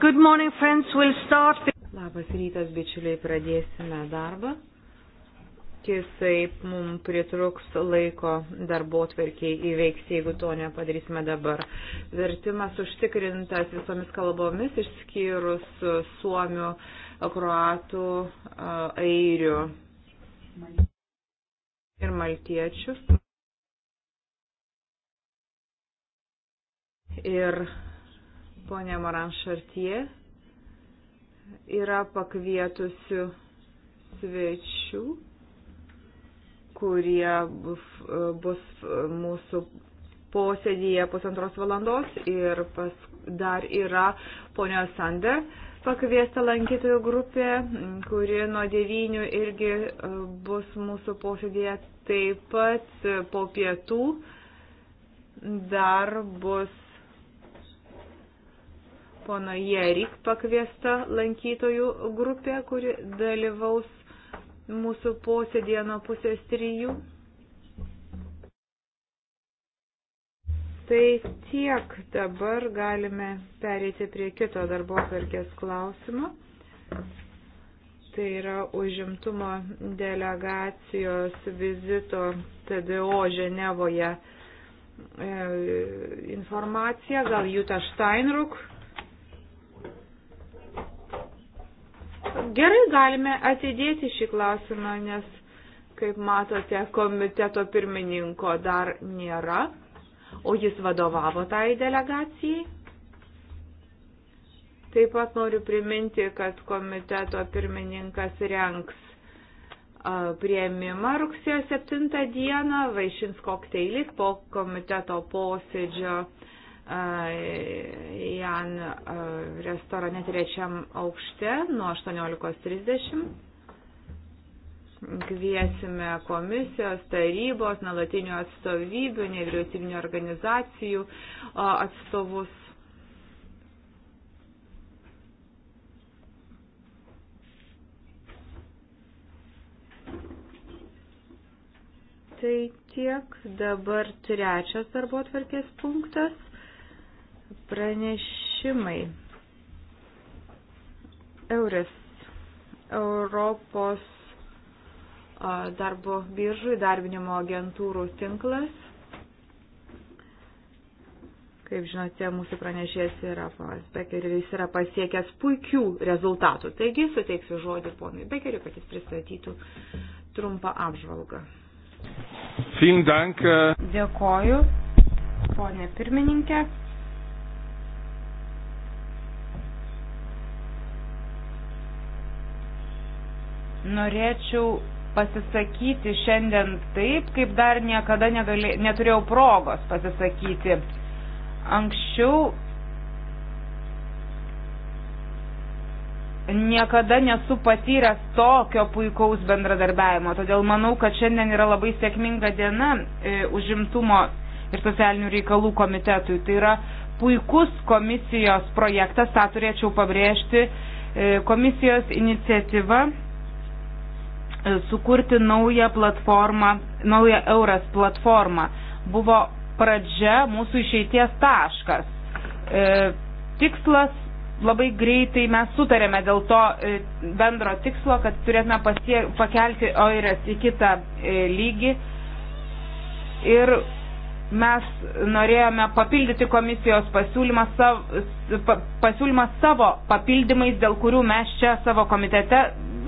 Good morning, friends. We'll start. Labas rytas, bičiuliai, pradėsime darbą. Kitaip mums pritruks laiko darbo tvarkiai įveikti, jeigu to nepadarysime dabar. Vertimas užtikrintas visomis kalbomis, išskyrus suomių, kroatų, airių ir maltiečius. Ir ponė Moran Šartie yra pakvietusių svečių, kurie bus mūsų posėdėje pusantros valandos ir pas, dar yra ponio Sander pakviesta lankytojų grupė, kuri nuo devynių irgi e, bus mūsų posėdėje. Taip pat po pietų dar bus pono Jerik pakviesta lankytojų grupė, kuri dalyvaus mūsų posėdėje nuo pusės trijų. Tai tiek dabar galime perėti prie kito darbo atvarkės klausimo. Tai yra užimtumo delegacijos vizito TDO Ženevoje e, informacija, gal Jūta Steinruk. Gerai, galime atidėti šį klausimą, nes, kaip matote, komiteto pirmininko dar nėra, o jis vadovavo tai delegacijai. Taip pat noriu priminti, kad komiteto pirmininkas renks prieimimą rugsėjo 7 dieną, vaišins kokteilis po komiteto posėdžio Jan restorane trečiam aukšte nuo 18.30. Kviesime komisijos, tarybos, nalatinių atstovybių, nevyriausybinio organizacijų atstovus Tai tiek. Dabar trečias darbo atvarkės punktas. Pranešimai. Euris. Europos darbo biržų įdarbinimo agentūrų tinklas. Kaip žinote, mūsų pranešėjas yra ponas Bekeris, jis yra pasiekęs puikių rezultatų. Taigi suteiksiu žodį ponui Bekeriu, kad jis pristatytų trumpą apžvalgą. Äh, Dėkoju, ponė pirmininkė. Norėčiau pasisakyti šiandien taip, kaip dar niekada negalė, neturėjau progos pasisakyti. Anksčiau niekada nesu patyręs tokio puikaus bendradarbiavimo. Todėl manau, kad šiandien yra labai sėkminga diena e, užimtumo ir socialinių reikalų komitetui. Tai yra puikus komisijos projektas, tą turėčiau pabrėžti, e, komisijos iniciatyva e, sukurti naują platformą, naują Euras platformą. Buvo pradžia, mūsų išeities taškas. E, tikslas labai greitai mes sutarėme dėl to e, bendro tikslo, kad turėtume pasie, pakelti oirės į kitą e, lygį. Ir mes norėjome papildyti komisijos pasiūlymą savo, pasiūlymą savo papildymais, dėl kurių mes čia savo komitete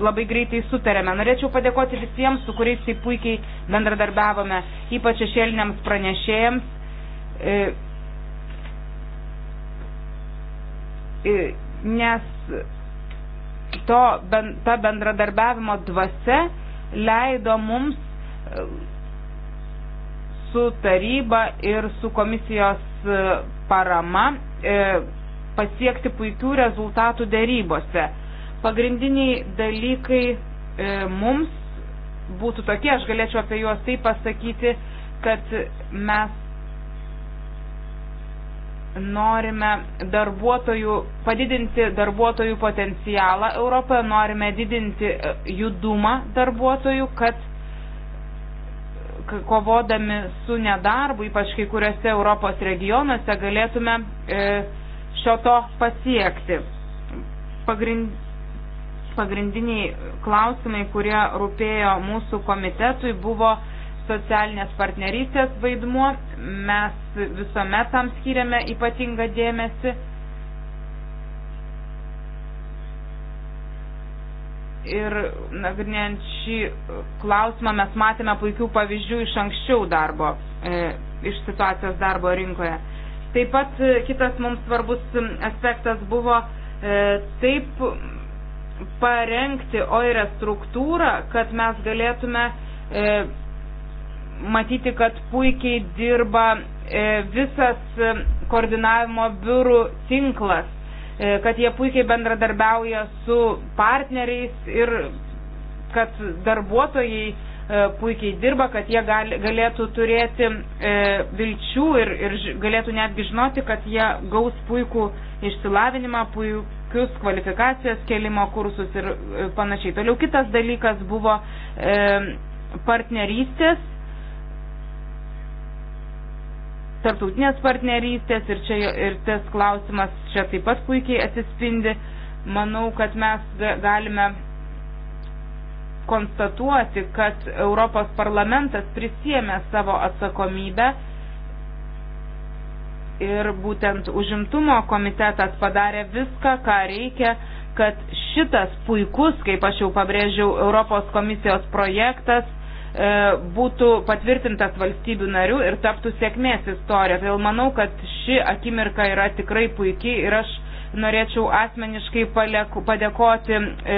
labai greitai sutarėme. Norėčiau padėkoti visiems, su kuriais taip puikiai bendradarbiavome, ypač šešėliniams pranešėjams e, E, nes to, ta bendradarbiavimo dvasia leido mums e, su taryba ir su komisijos e, parama pasiekti puikių rezultatų dėrybose. Pagrindiniai dalykai mums būtų tokie, aš galėčiau apie juos taip pasakyti, kad mes norime darbuotojų, padidinti darbuotojų potencialą Europoje, norime didinti e, judumą darbuotojų, kad kovodami su nedarbu, ypač kai kuriuose Europos regionuose, galėtume e, šio to pasiekti. Pagrind, pagrindiniai klausimai, kurie rūpėjo mūsų komitetui, buvo socialinės partnerystės vaidmuo mes visuomet tam skiriame ypatingą dėmesį. Ir nagrinėjant šį klausimą mes matėme puikių pavyzdžių iš anksčiau darbo, e, iš situacijos darbo rinkoje. Taip pat e, kitas mums svarbus aspektas buvo e, taip parengti OIRE struktūrą, kad mes galėtume matyti, kad puikiai dirba e, visas e, koordinavimo biurų tinklas, e, kad jie puikiai bendradarbiauja su partneriais ir kad darbuotojai puikiai dirba, kad jie galėtų turėti vilčių ir, ir galėtų netgi žinoti, kad jie gaus puikų išsilavinimą, puikius kvalifikacijos kelimo kursus ir panašiai. Toliau kitas dalykas buvo partnerystės tarptautinės partnerystės ir, čia, ir tas klausimas čia taip pat puikiai atsispindi. Manau, kad mes galime konstatuoti, kad Europos parlamentas prisėmė savo atsakomybę ir būtent užimtumo komitetas padarė viską, ką reikia, kad šitas puikus, kaip aš jau pabrėžiau, Europos komisijos projektas E, būtų patvirtintas valstybių narių ir taptų sėkmės istorija. Todėl manau, kad ši akimirka yra tikrai puikiai ir aš norėčiau asmeniškai padėkoti e,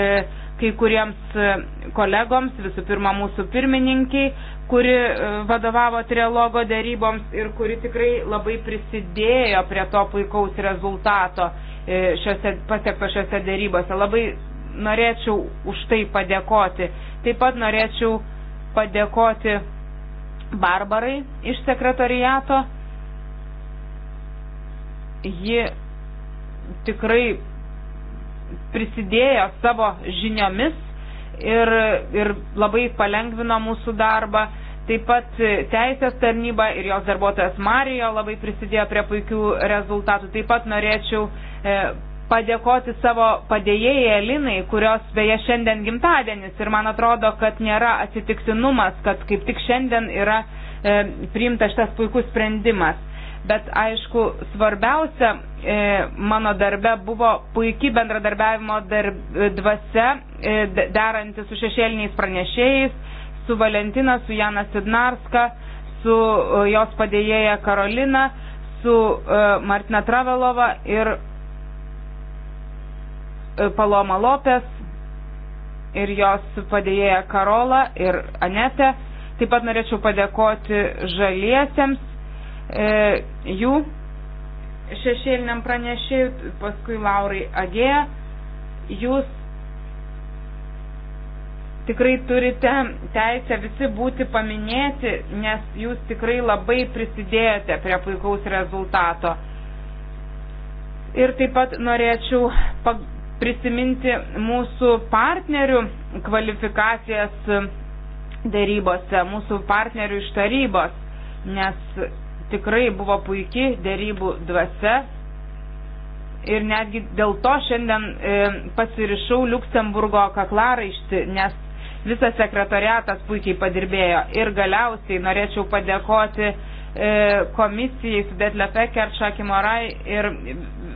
kai kuriems e, kolegoms, visų pirma mūsų pirmininkiai, kuri vadovavo trialogo dėryboms ir kuri tikrai labai prisidėjo prie to puikaus rezultato šiose, pasiekto šiose dėrybose. Labai norėčiau už tai padėkoti. Taip pat norėčiau padėkoti Barbarai iš sekretariato. Ji tikrai prisidėjo savo žiniomis ir, ir labai palengvino mūsų darbą. Taip pat teisės tarnyba ir jos darbuotojas Marijo labai prisidėjo prie puikių rezultatų. Taip pat norėčiau e, padėkoti savo padėjėjai Elinai, kurios beje šiandien gimtadienis ir man atrodo, kad nėra atsitiktinumas, kad kaip tik šiandien yra e, priimta šitas puikus sprendimas. Bet aišku, svarbiausia e, mano darbe buvo puikiai bendradarbiavimo darb, dvasia, e, deranti su šešėliniais pranešėjais, su Valentina, su Jana Sidnarska, su e, jos padėjėja Karolina, su e, Martina Travelova ir E, Paloma Lopes ir jos padėjėja Karola ir Anete. Taip pat norėčiau padėkoti žaliesiems e, jų šešėliniam pranešėjui, paskui Laurai Agėja. Jūs tikrai turite teisę visi būti paminėti, nes jūs tikrai labai prisidėjote prie puikaus rezultato. Ir taip pat norėčiau prisiminti mūsų partnerių kvalifikacijas dėrybose, mūsų partnerių iš tarybos, nes tikrai buvo puikiai dėrybų dvasia. Ir netgi dėl to šiandien e, pasirišau Luksemburgo kaklaraišti, nes visas sekretariatas puikiai padirbėjo. Ir galiausiai norėčiau padėkoti E, komisijai, su Detlefe Kerčaki Morai ir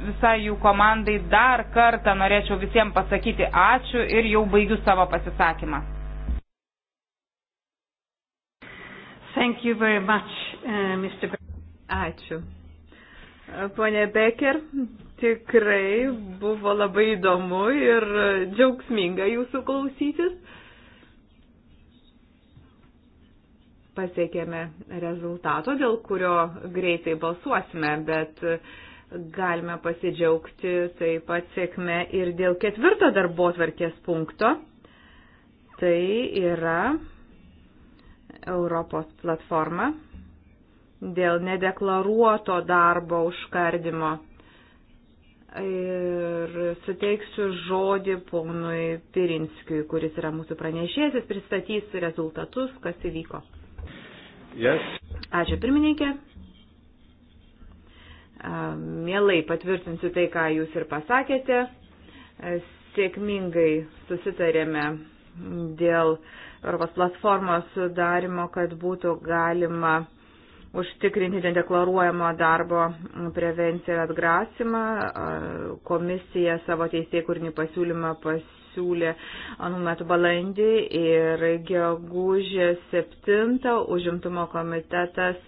visai jų komandai dar kartą norėčiau visiems pasakyti ačiū ir jau baigiu savo pasisakymą. Thank you very much, uh, e, Mr. Be ačiū. Pone Becker, tikrai buvo labai įdomu ir džiaugsminga jūsų klausytis. pasiekėme rezultato, dėl kurio greitai balsuosime, bet galime pasidžiaugti taip pat sėkme ir dėl ketvirto darbo tvarkės punkto. Tai yra Europos platforma dėl nedeklaruoto darbo užkardimo. Ir suteiksiu žodį ponui Pirinskijui, kuris yra mūsų pranešėjas, pristatys rezultatus, kas įvyko. Yes. Ačiū pirmininkė. Mielai patvirtinsiu tai, ką jūs ir pasakėte. Sėkmingai susitarėme dėl Europos platformos sudarimo, kad būtų galima užtikrinti nedeklaruojamo darbo prevenciją ir atgrasimą. Komisija savo teisėjų kūrinį pasiūlymą pasiūlymą siūlė anų metų balandį ir gegužė 7 užimtumo komitetas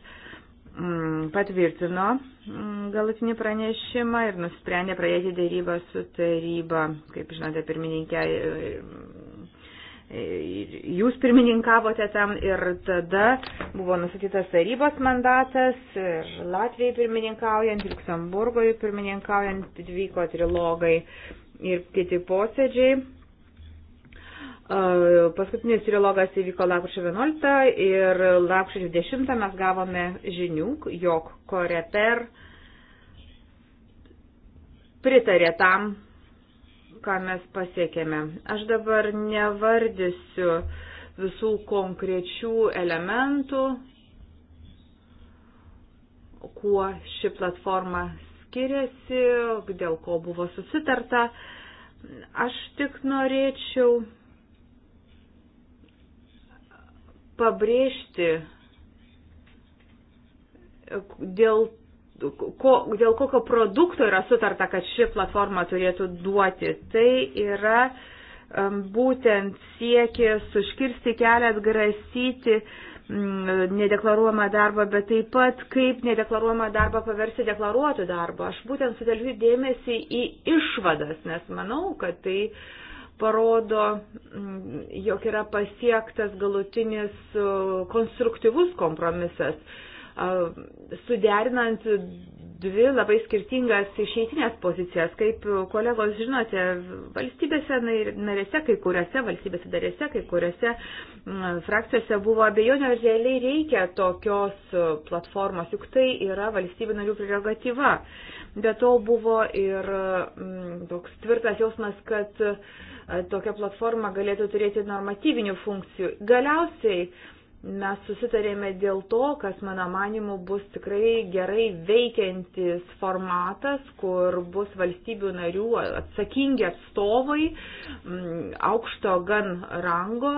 mm, patvirtino mm, galutinį pranešimą ir nusprendė pradėti dėrybą su taryba. Kaip žinote, pirmininkė, e, jūs pirmininkavote tam ir tada buvo nusatytas tarybos mandatas ir Latvijai pirmininkaujant, Luksemburgoj pirmininkaujant vyko trilogai ir kiti posėdžiai. Paskutinis trilogas įvyko lapkričio 11 ir lapkričio 20 mes gavome žinių, jog Koreper pritarė tam, ką mes pasiekėme. Aš dabar nevardysiu visų konkrečių elementų, kuo ši platforma skiriasi, dėl ko buvo susitarta. Uh, Aš tik norėčiau pabrėžti, dėl, ko, dėl kokio produkto yra sutarta, kad ši platforma turėtų duoti. Tai yra um, būtent siekis užkirsti kelią atgrasyti uh, Mm, nedeklaruojamą darbą, bet taip pat kaip nedeklaruojamą darbą paversti deklaruotų darbą. Aš būtent sutelkiu dėmesį į išvadas, nes manau, kad tai parodo, mm, jog yra pasiektas galutinis uh, konstruktyvus kompromisas uh, suderinant dvi labai skirtingas išeitinės pozicijas. Kaip kolegos žinote, valstybėse narėse, kai kuriuose valstybėse darėse, kai kuriuose mm, frakcijose buvo abejonių, ar realiai reikia tokios platformos, juk tai yra valstybių narių prerogatyva. Be to buvo ir mm, toks tvirtas jausmas, kad e, tokia platforma galėtų turėti normatyvinių funkcijų. Galiausiai mes susitarėme dėl to, kas mano manimu bus tikrai gerai veikiantis formatas, kur bus valstybių narių atsakingi atstovai, mm, aukšto gan rango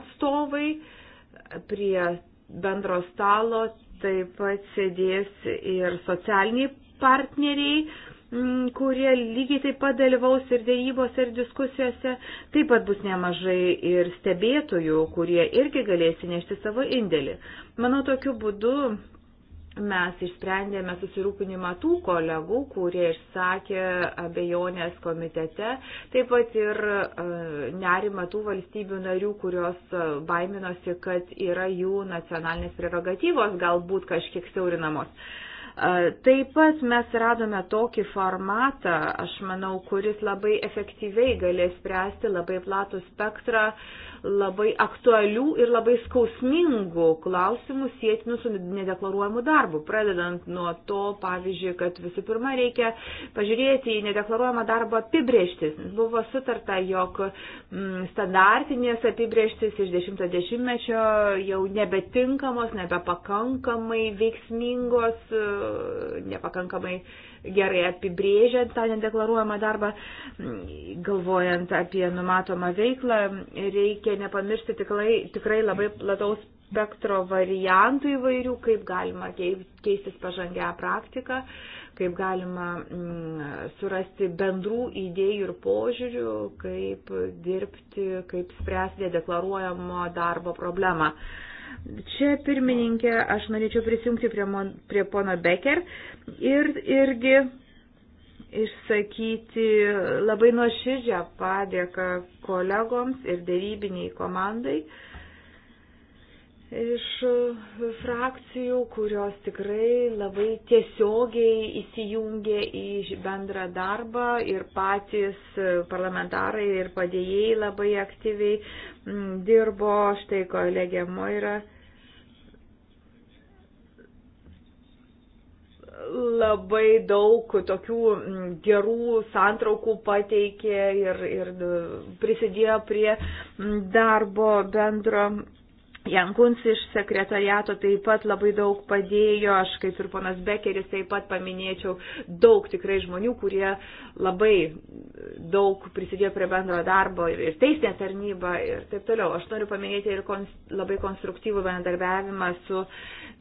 atstovai prie bendro stalo taip pat sėdės ir socialiniai partneriai, kurie lygiai taip pat dalyvaus ir dėrybose, ir diskusijose. Taip pat bus nemažai ir stebėtojų, kurie irgi galės įnešti savo indėlį. Manau, tokiu būdu mes išsprendėme susirūpinimą tų kolegų, kurie išsakė abejonės komitete, taip pat ir e, nerima tų valstybių narių, kurios e, baiminosi, kad yra jų nacionalinės prerogatyvos galbūt kažkiek siaurinamos. Taip pat mes radome tokį formatą, aš manau, kuris labai efektyviai galės spręsti labai platų spektrą labai aktualių ir labai skausmingų klausimų sėtinų su nedeklaruojamu darbu. Pradedant nuo to, pavyzdžiui, kad visų pirma reikia pažiūrėti į nedeklaruojamą darbą apibrieštis. Buvo sutarta, jog m, mm, standartinės apibrieštis iš 10-mečio jau nebetinkamos, nebepakankamai veiksmingos, e, nepakankamai uh, gerai apibrėžiant tą nedeklaruojamą darbą, galvojant apie numatomą veiklą, reikia nepamiršti tikrai, tikrai labai plataus spektro variantų įvairių, kaip galima keistis pažangę praktiką, kaip galima mm, surasti bendrų idėjų ir požiūrių, kaip dirbti, kaip spręsti deklaruojamo darbo problemą. Čia, pirmininkė, aš norėčiau prisijungti prie, mon, prie pono Becker ir irgi išsakyti labai nuoširdžią padėką kolegoms ir dėrybiniai komandai. Uh, iš e, frakcijų, kurios tikrai labai tiesiogiai įsijungė į bendrą darbą ir patys e, parlamentarai ir padėjėjai labai aktyviai dirbo, štai kolegė Moira. labai daug tokių gerų santraukų pateikė ir, ir e, prisidėjo prie darbo bendro Jankuns iš sekretariato taip pat labai daug padėjo, aš kaip ir ponas Bekeris taip pat paminėčiau daug tikrai žmonių, kurie labai daug prisidėjo prie bendro darbo ir, ir teisinė tarnyba ir taip toliau. Aš noriu paminėti ir kons, labai konstruktyvų bendarbiavimą su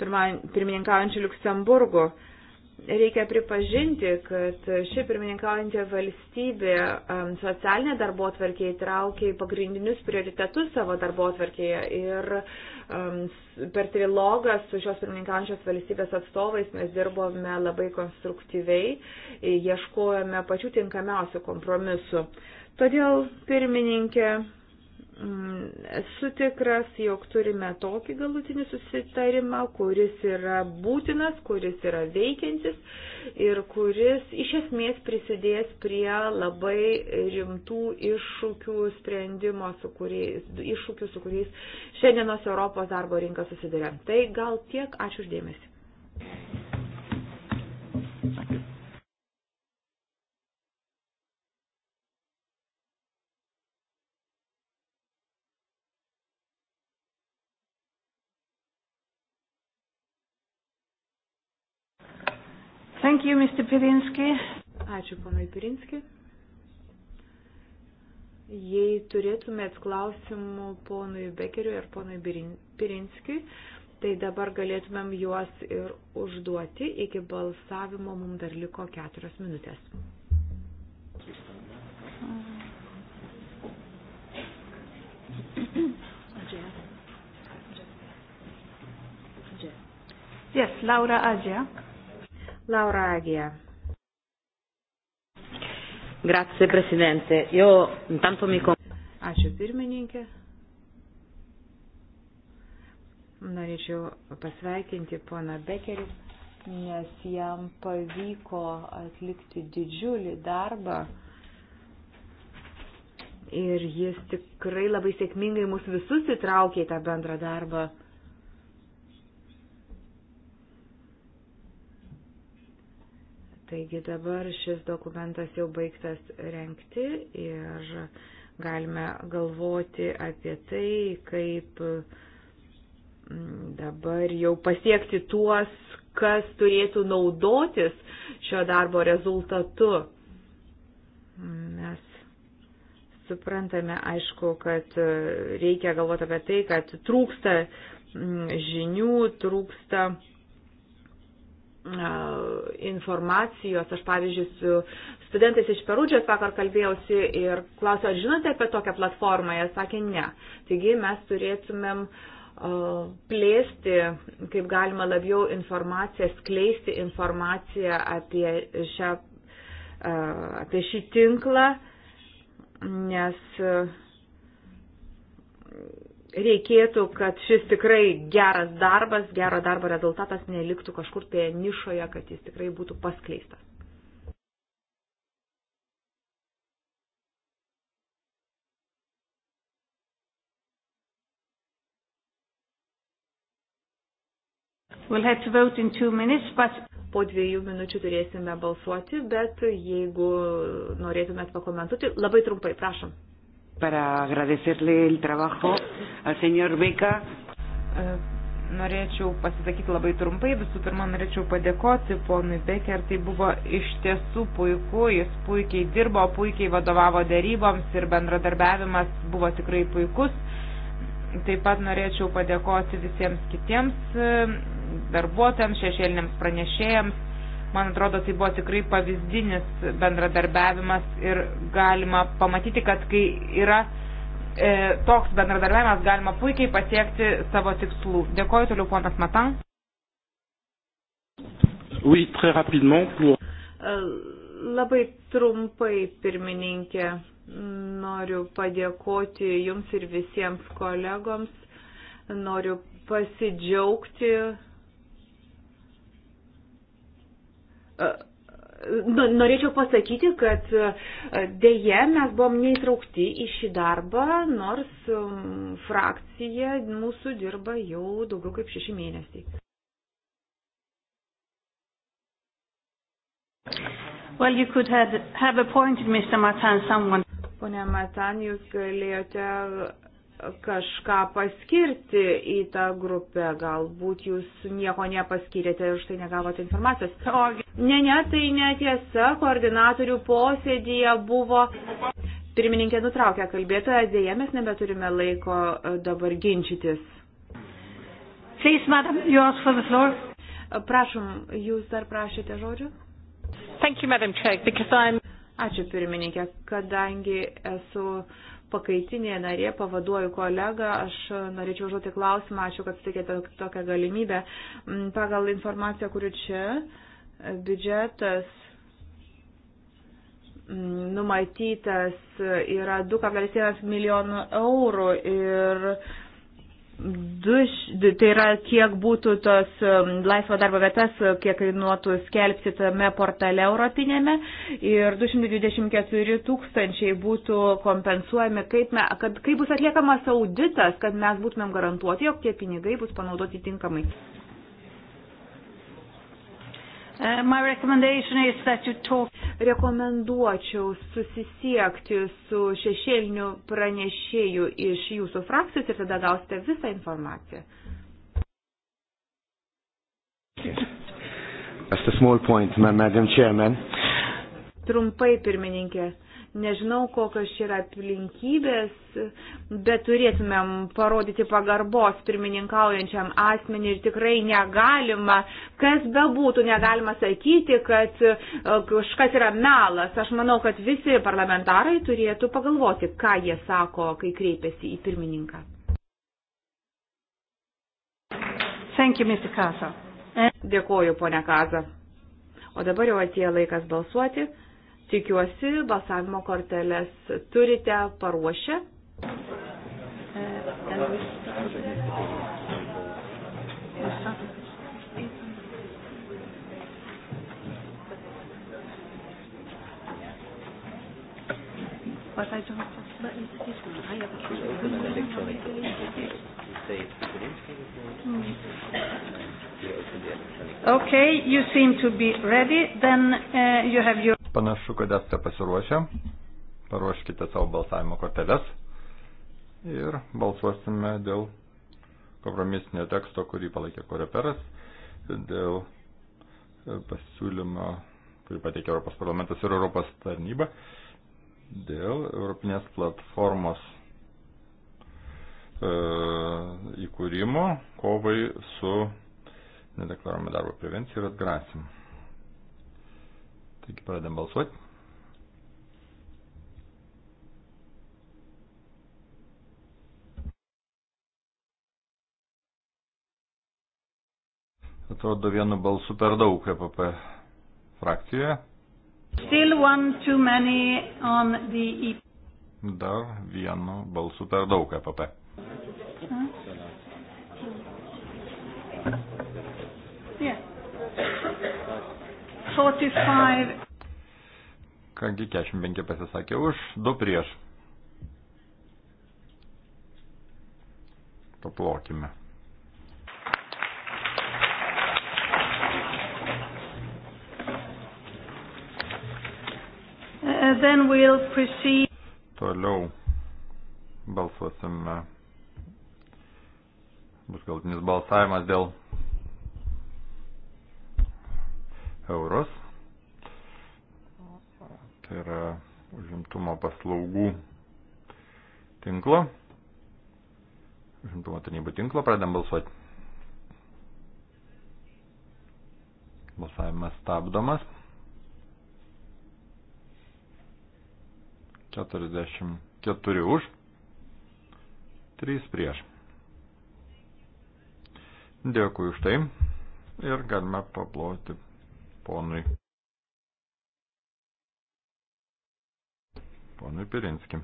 pirma, pirmininkaujančiu Luksemburgu. Uh, reikia pripažinti, kad ši pirmininkaujantė valstybė um, socialinė darbo atvarkė įtraukė į pagrindinius prioritetus savo darbo atvarkėje ir um, per trilogą su šios pirmininkaujančios valstybės atstovais mes dirbome labai konstruktyviai, ieškojame pačių tinkamiausių kompromisų. Todėl, pirmininkė, Mm, esu tikras, jog turime tokį galutinį susitarimą, kuris yra būtinas, kuris yra veikiantis ir kuris iš esmės prisidės prie labai rimtų iššūkių sprendimo, su kuriais, iššūkių, su kuriais šiandienos Europos darbo rinka susiduria. Tai gal tiek, ačiū uždėmesi. Thank you, Mr. Pirinski. Ačiū, ponai Pirinski. Jei turėtumėt klausimų ponui Bekeriu ir ponui Pirinskiui, tai dabar galėtumėm juos ir užduoti. Iki balsavimo mums dar liko keturios minutės. Yes, Laura Adžia. Laura Aghia. Grazie Presidente. Io intanto mi Ačiū pirmininkė. Norėčiau pasveikinti poną Bekerį, nes jam pavyko atlikti didžiulį darbą ir jis tikrai labai sėkmingai mus visus įtraukė į tą bendrą darbą. Taigi dabar šis dokumentas jau baigtas renkti ir galime galvoti apie tai, kaip mm, dabar jau pasiekti tuos, kas turėtų naudotis šio darbo rezultatu. Mes suprantame, aišku, kad reikia galvoti apie tai, kad trūksta mm, žinių, trūksta informacijos. Aš, pavyzdžiui, su studentais iš Perudžios vakar kalbėjausi ir klausiau, ar žinote apie tokią platformą? Jie sakė, ne. Taigi mes turėtumėm plėsti, kaip galima labiau informaciją, skleisti informaciją apie, šią, apie šį tinklą, nes reikėtų, kad šis tikrai geras darbas, gero darbo rezultatas neliktų kažkur prie nišoje, kad jis tikrai būtų paskleistas. We'll have to vote in two minutes, but... Po dviejų minučių turėsime balsuoti, bet jeigu norėtumėt pakomentuoti, labai trumpai, prašom para agradecerle el trabajo al señor Beca. E, norėčiau pasisakyti labai trumpai. Visų pirma, norėčiau padėkoti ponui Becker. Tai buvo iš tiesų puiku. Jis puikiai dirbo, puikiai vadovavo dėryboms ir bendradarbiavimas buvo tikrai puikus. Taip pat norėčiau padėkoti visiems kitiems e, darbuotojams, šešėliniams pranešėjams, Man atrodo, tai buvo tikrai pavyzdinis bendradarbiavimas ir galima pamatyti, kad kai yra e, toks bendradarbiavimas, galima puikiai pasiekti savo tikslų. Dėkoju toliau, ponas Matan. Oui, très rapidement pour... E, labai trumpai, pirmininkė, noriu padėkoti Jums ir visiems kolegoms. Noriu pasidžiaugti Norėčiau pasakyti, kad dėje mes buvom neįtraukti į šį darbą, nors frakcija mūsų dirba jau daugiau kaip šeši mėnesiai. Well, you could have, have appointed Mr. Matan someone. Pone Matan, jūs galėjote kažką paskirti į tą grupę, galbūt jūs nieko nepaskirėte ir štai negavote informacijos. O, ne, ne, tai netiesa, koordinatorių posėdėje buvo. Pirmininkė nutraukė kalbėtoją, dėje mes nebeturime laiko e, dabar ginčytis. Please, madam, you ask for the floor. Prašom, jūs dar prašėte žodžio? Thank you, madam Chair, because I'm... Ačiū pirmininkė, kadangi esu uh, pakaitinė narė, pavaduoju kolegą, aš norėčiau užduoti klausimą, ačiū, kad sutikėte tokią galimybę. Mm, pagal informaciją, kuri čia, biudžetas mm, numatytas yra 2,1 milijonų eurų ir Du, tai yra, kiek būtų tos um, laisvo darbo vietas, kiek kainuotų skelbti tame portale europinėme ir 224 tūkstančiai būtų kompensuojami, kaip, me, kad, kaip bus atliekamas auditas, kad mes būtumėm garantuoti, jog tie pinigai bus panaudoti tinkamai. Uh, talk... Rekomenduočiau susisiekti su šešėliniu pranešėju iš jūsų frakcijos ir tada gausite visą informaciją. Yes. That's the small point, Madam Chairman. Trumpai, pirmininkė. Nežinau, kokios čia yra aplinkybės, bet turėtumėm parodyti pagarbos pirmininkaujančiam asmenį ir tikrai negalima, kas bebūtų, negalima sakyti, kad e, kažkas yra melas. Aš manau, kad visi parlamentarai turėtų pagalvoti, ką jie sako, kai kreipiasi į pirmininką. Thank you, Mr. Kasa. Dėkuoju, ponia Kaza. O dabar jau atėjo laikas balsuoti. Tikiuosi, balsavimo korteles turite paruošę. But I don't but it's this one. I have a electronic. Okay, you seem to be ready. Then uh, you have your Panašu, kad esate pasiruošę. Paruoškite savo balsavimo korteles. Ir balsuosime dėl kompromisinio teksto, kurį palaikė Koreperas, dėl e, pasiūlymo, kurį pateikė Europos parlamentas ir Europos tarnyba, dėl Europinės platformos e, įkūrimo kovai su nedeklaruojama darbo prevencija ir atgrasimu. Taigi pradedam balsuoti. Atrodo vienu balsu per daug EPP frakcijoje. Still one too many on the EP. Dar vienu balsu per daug EPP. 45. Kągi 45 pasisakė už, 2 prieš. Paplokime. Uh, then we'll proceed. Toliau balsuosime. Bus galtinis balsavimas dėl eurus. Tai yra užimtumo paslaugų tinklo. Užimtumo tarnybų tinklo pradedam balsuoti. Balsavimas stabdomas. 44 už, 3 prieš. Dėkui už tai ir galime paploti ponui. Ponui Pirinski.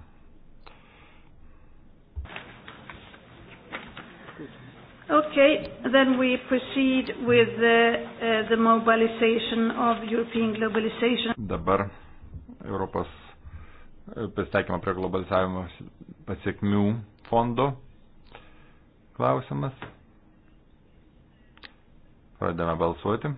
Okay, then we proceed with the, uh, the mobilization of European globalization. Dabar Europos e, pristaikymo prie globalizavimo pasiekmių fondo klausimas. Pradedame balsuoti.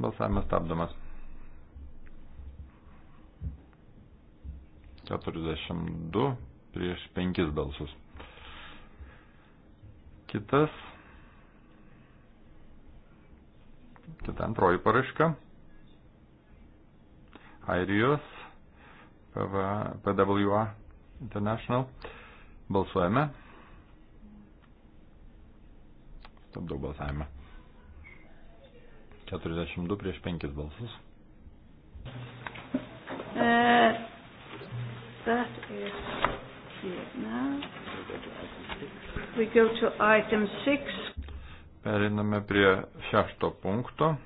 Balsavimas stabdomas. 42 prieš 5 balsus. Kitas. Kita antroji paraiška. Airijos PWA International. Balsuojame. Stabdau balsavimą. 42 prieš 5 balsus. Uh, that is Vietnam. We go to item 6. Periname prie šešto punkto.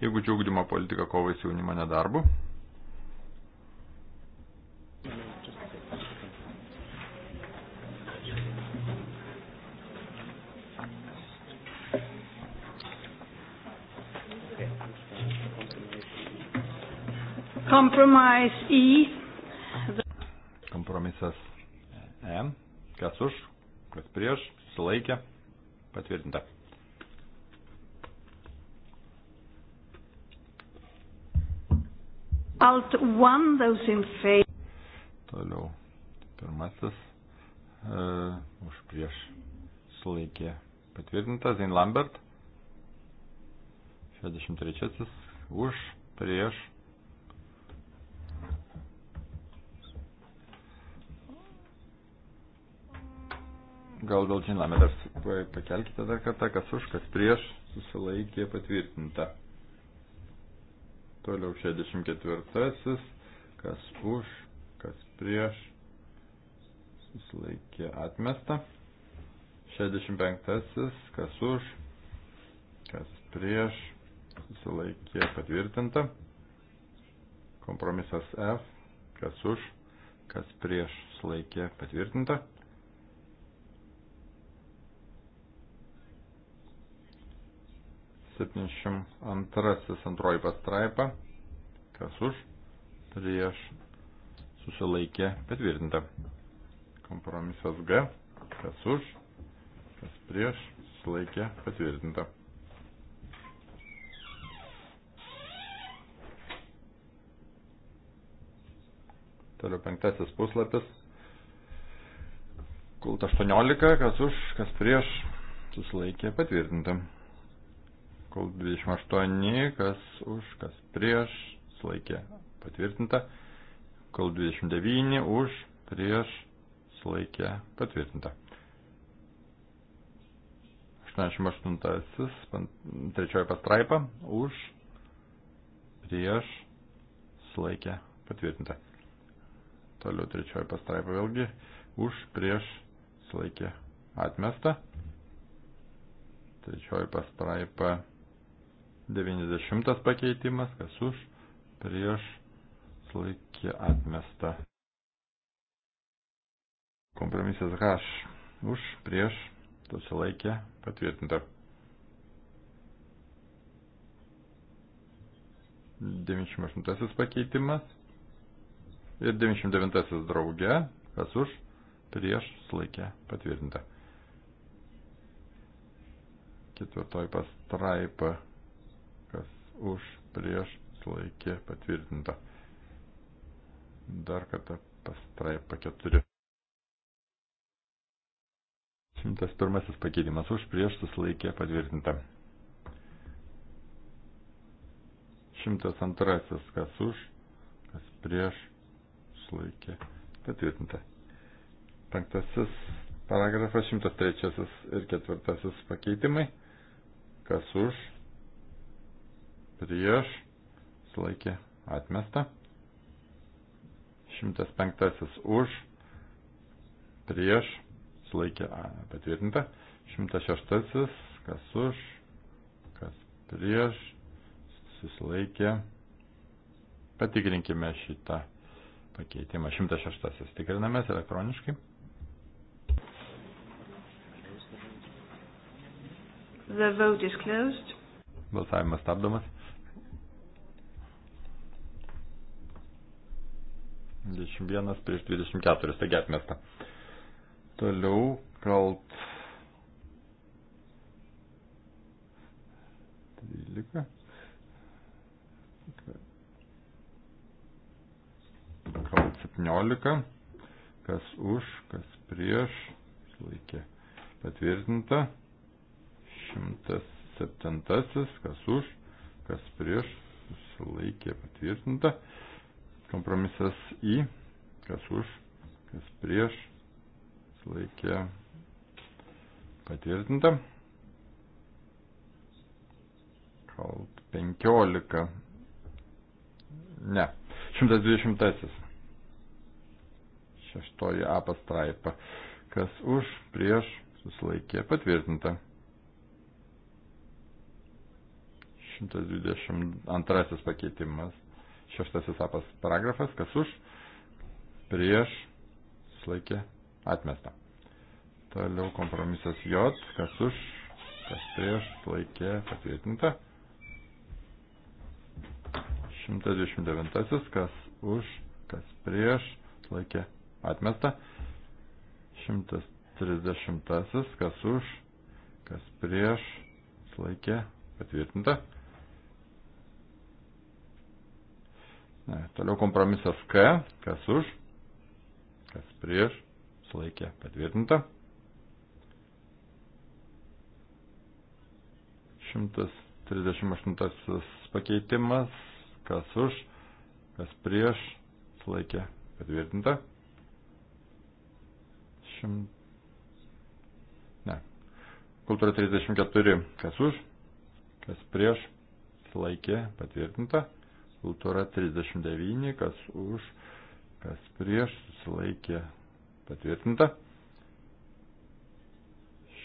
Įgūdžių ugdymo politika kovai su jaunimo nedarbu. Compromise E. Kompromisas E. Kas už, kas prieš, susilaikė, patvirtinta. Alt 1, those in favor. Toliau. Pirmasis. Uh, už prieš. Sulaikė. Patvirtintas. In Lambert. 63. Už prieš Gal gal žinome, dar pakelkite dar kartą, kas už, kas prieš, susilaikė patvirtinta. Toliau 64. Kas už, kas prieš, susilaikė atmesta. 65. Kas už, kas prieš, susilaikė patvirtinta. Kompromisas F. Kas už, kas prieš, sulaikė patvirtinta. 72 antroji pastraipa, kas už, prieš, susilaikė, patvirtinta. Kompromisas G, kas už, kas prieš, susilaikė, patvirtinta. Toliau penktasis puslapis. Kult 18, kas už, kas prieš, susilaikė patvirtintam kol 28, kas už, kas prieš, slaikė patvirtinta, kol 29, už, prieš, slaikė patvirtinta. 88, trečioji pastraipa, už, prieš, slaikė patvirtinta. Toliau trečioji pastraipa vėlgi, už, prieš, slaikė atmesta. Trečioji pastraipa 90 pakeitimas, kas už, prieš, laikė atmesta. Kompromisas H, už, prieš, susilaikė, patvirtinta. 98 pakeitimas ir 99 drauge, kas už, prieš, sulaikė, patvirtinta. Ketvirtoji pastraipa už prieš laikė patvirtinta. Dar kartą pastraipa 4. 101 pakeitimas už prieš susilaikė patvirtinta. 102 kas už, kas prieš sulaikė patvirtinta. Penktasis paragrafas 103 ir ketvirtasis pakeitimai. Kas už, prieš, sulaikė atmesta. 105 už, prieš, sulaikė patvirtinta. 106, kas už, kas prieš, susilaikė. Patikrinkime šitą pakeitimą. 106 tikrinamės elektroniškai. The vote is closed. Balsavimas stabdomas. 21 prieš 24, taigi atmesta. Toliau kalt 13. Kalt 17. Kas už, kas prieš. Išlaikė. Patvirtinta. 107. Kas už, kas prieš. Išlaikė. Patvirtinta. Kompromisas į, kas už, kas prieš, sulaikė patvirtinta. Kalt 15. Ne. 120. Šeštoji A pastraipa. Kas už, prieš, susilaikė patvirtinta. 122 pakeitimas. Šeštasis apas paragrafas, kas už, prieš, slaikė, atmesta. Toliau kompromisas J, kas už, kas prieš, slaikė, patvirtinta. 129, kas už, kas prieš, slaikė, atmesta. 130, kas už, kas prieš, slaikė, patvirtinta. Ne, toliau kompromisas K, kas už, kas prieš, sulaikė patvirtinta. 138 pakeitimas, kas už, kas prieš, sulaikė patvirtinta. Šim... Ne. Kultūra 34, kas už, kas prieš, sulaikė patvirtinta. Kultūra 39, kas už, kas prieš, susilaikė patvirtinta.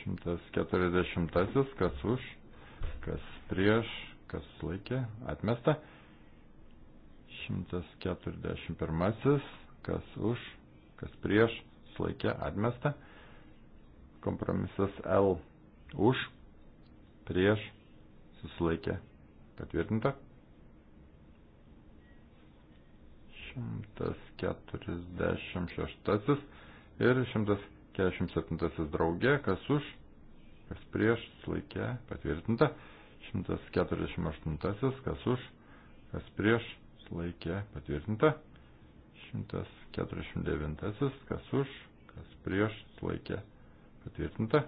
140, kas už, kas prieš, kas laikė, atmesta. 141, kas už, kas prieš, sulaikė, atmesta. Kompromisas L už, prieš, susilaikė, patvirtinta. 146 ir 147 draugė, kas už, kas prieš, laikė, patvirtinta. 148, kas už, kas prieš, laikė, patvirtinta. 149, kas už, kas prieš, laikė, patvirtinta.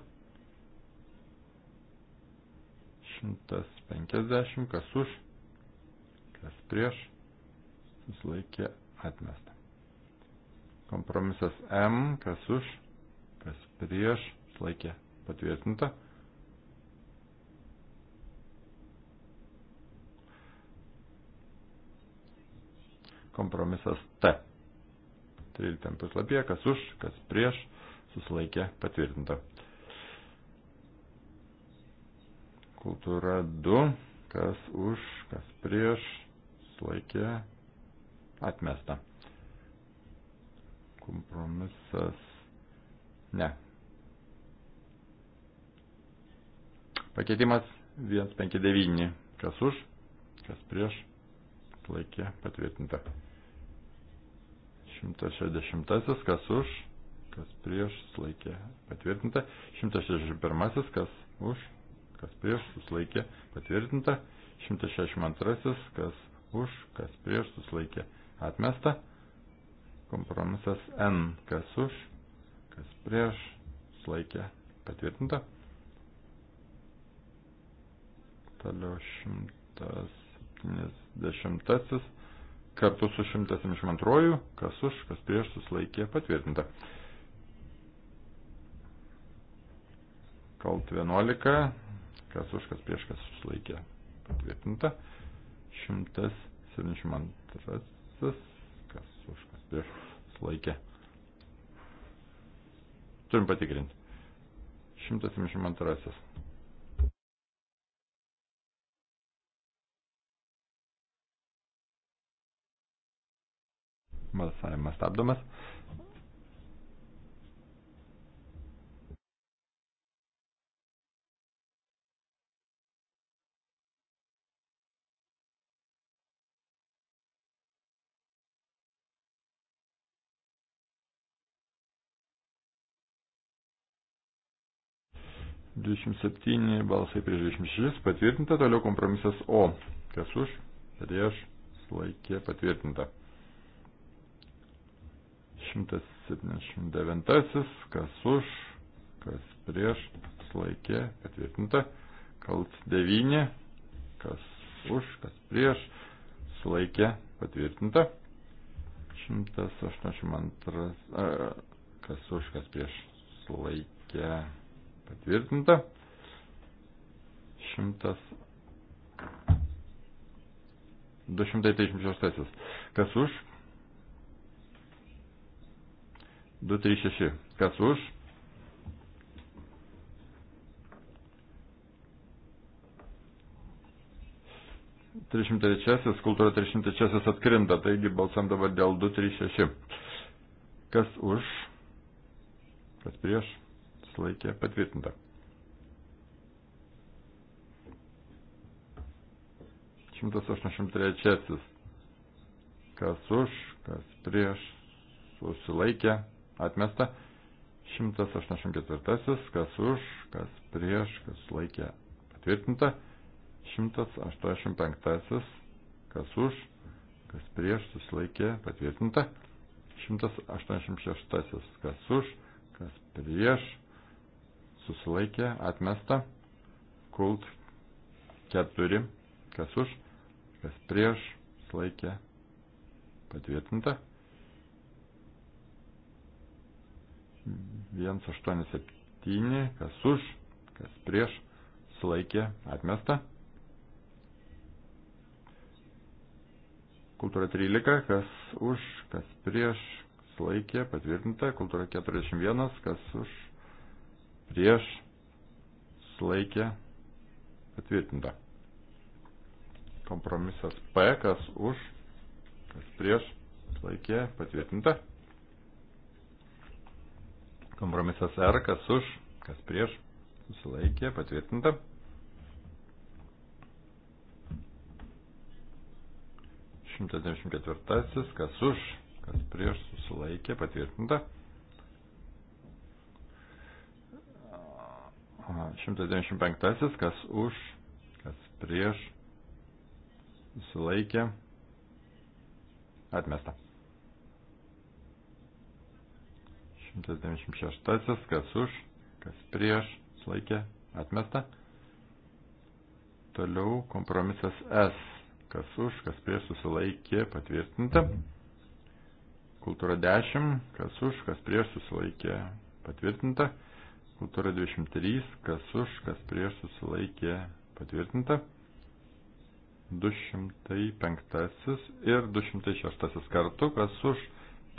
150, kas už, kas prieš, susilaikė atmesta. Kompromisas M, kas už, kas prieš, susilaikė patvirtinta. Kompromisas T. 13 puslapyje, kas už, kas prieš, susilaikė patvirtinta. Kultūra 2, kas už, kas prieš, susilaikė atmesta. Kompromisas. Ne. Pakeitimas 159. Kas už, kas prieš, laikė patvirtinta. 160. Kas už, kas prieš, laikė patvirtinta. 161. Kas už, kas prieš, susilaikė patvirtinta. 162. Kas už, kas prieš, susilaikė patvirtinta atmesta. Kompromisas N, kas už, kas prieš, slaikė patvirtinta. Toliau 170 kartu su 172, kas už, kas prieš, suslaikė patvirtinta. Kalt 11, kas už, kas prieš, kas suslaikė patvirtinta. 172 kompromisas, kas už kas prieš laikė. Turim patikrinti. 172. Balsavimas stabdomas. 27 balsai prieš 26 patvirtinta, toliau kompromisas O. Kas už, prieš, laikė patvirtinta. 179, kas už, kas prieš, laikė patvirtinta. Kalt 9, kas už, kas prieš, laikė patvirtinta. 182, kas už, kas prieš, laikė patvirtinta Patvirtinta. 100. 236. Kas už? 236. Kas už? Trišimtrečiasis, kultūra trišimtrečiasis atkrinta, taigi balsam dabar dėl 236. Kas už? Kas prieš? susilaikė patvirtinta. Šimtas aštuoniasdešimt trečiasis. Kas už, kas prieš, susilaikė, atmesta. Šimtas aštuoniasdešimt ketvirtasis. Kas už, kas prieš, kas susilaikė, patvirtinta. 185. Kas už, kas prieš, susilaikė, patvirtinta. 186. Kas už, kas prieš, susilaikė, atmesta, kult 4, kas už, kas prieš, susilaikė, patvirtinta. 187, kas už, kas prieš, sulaikė, atmesta. Kultūra 13, kas už, kas prieš, sulaikė, patvirtinta. Kultūra 41, kas už, prieš, slaikė, patvirtinta. Kompromisas P, kas už, kas prieš, slaikė, patvirtinta. Kompromisas R, kas už, kas prieš, susilaikė, patvirtinta. Šimtas dešimt ketvirtasis, kas už, kas prieš, susilaikė, patvirtinta. 195, kas už, kas prieš, susilaikė, atmesta. 196, kas už, kas prieš, susilaikė, atmesta. Toliau kompromisas S, kas už, kas prieš, susilaikė, patvirtinta. Kultūra 10, kas už, kas prieš, susilaikė, patvirtinta. Kultūra 23, kas už, kas prieš susilaikė patvirtinta. 205 ir 206 kartu, kas už,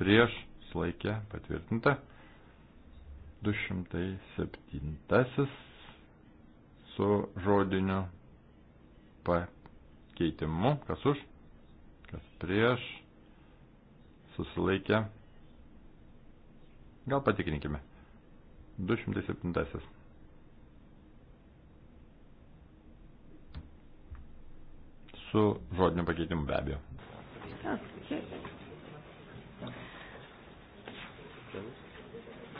prieš sulaikė patvirtinta. 207 su žodiniu pakeitimu, kas už, kas prieš susilaikė. Gal patikrinkime. 207. Su žodiniu pakeitimu be abejo.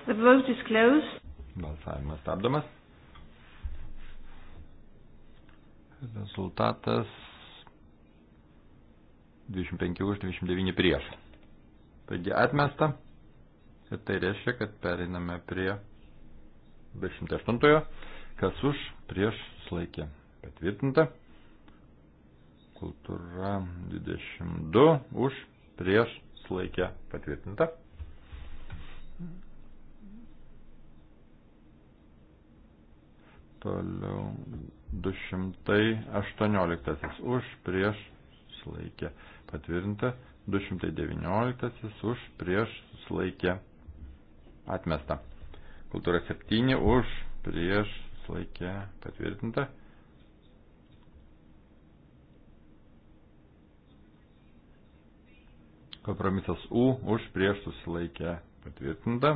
The vote is closed. Balsavimas stabdomas. Rezultatas 25 už 29 prieš. Taigi atmesta. Ir tai reiškia, kad periname prie be 108, kas už, prieš, slaikė, patvirtinta. Kultūra 22, už, prieš, slaikė, patvirtinta. Toliau 218 už prieš sulaikė patvirtinta, 219 už prieš sulaikė atmesta. Kultūra 7 už, prieš, laikė patvirtinta. Kompromisas U už prieš susilaikė patvirtinta.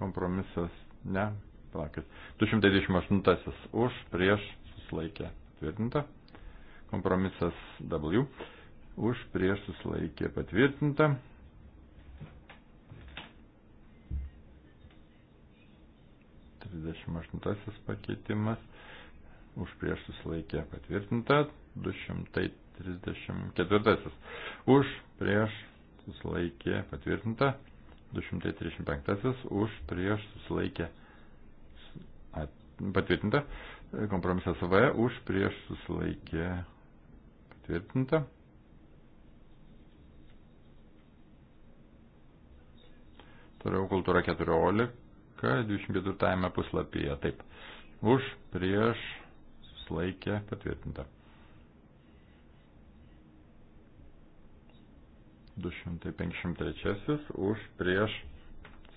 Kompromisas ne, palakit. 228 už prieš susilaikė patvirtinta. Kompromisas W už prieš susilaikė patvirtinta. 128 pakeitimas už prieš susilaikė patvirtinta, 234 už prieš susilaikė patvirtinta, 235 už prieš susilaikė patvirtinta, kompromisas V už prieš susilaikė patvirtinta. Toliau kultūra 14 tvarka 24 puslapyje. Taip. Už, prieš, susilaikė, patvirtinta. 253 už, prieš,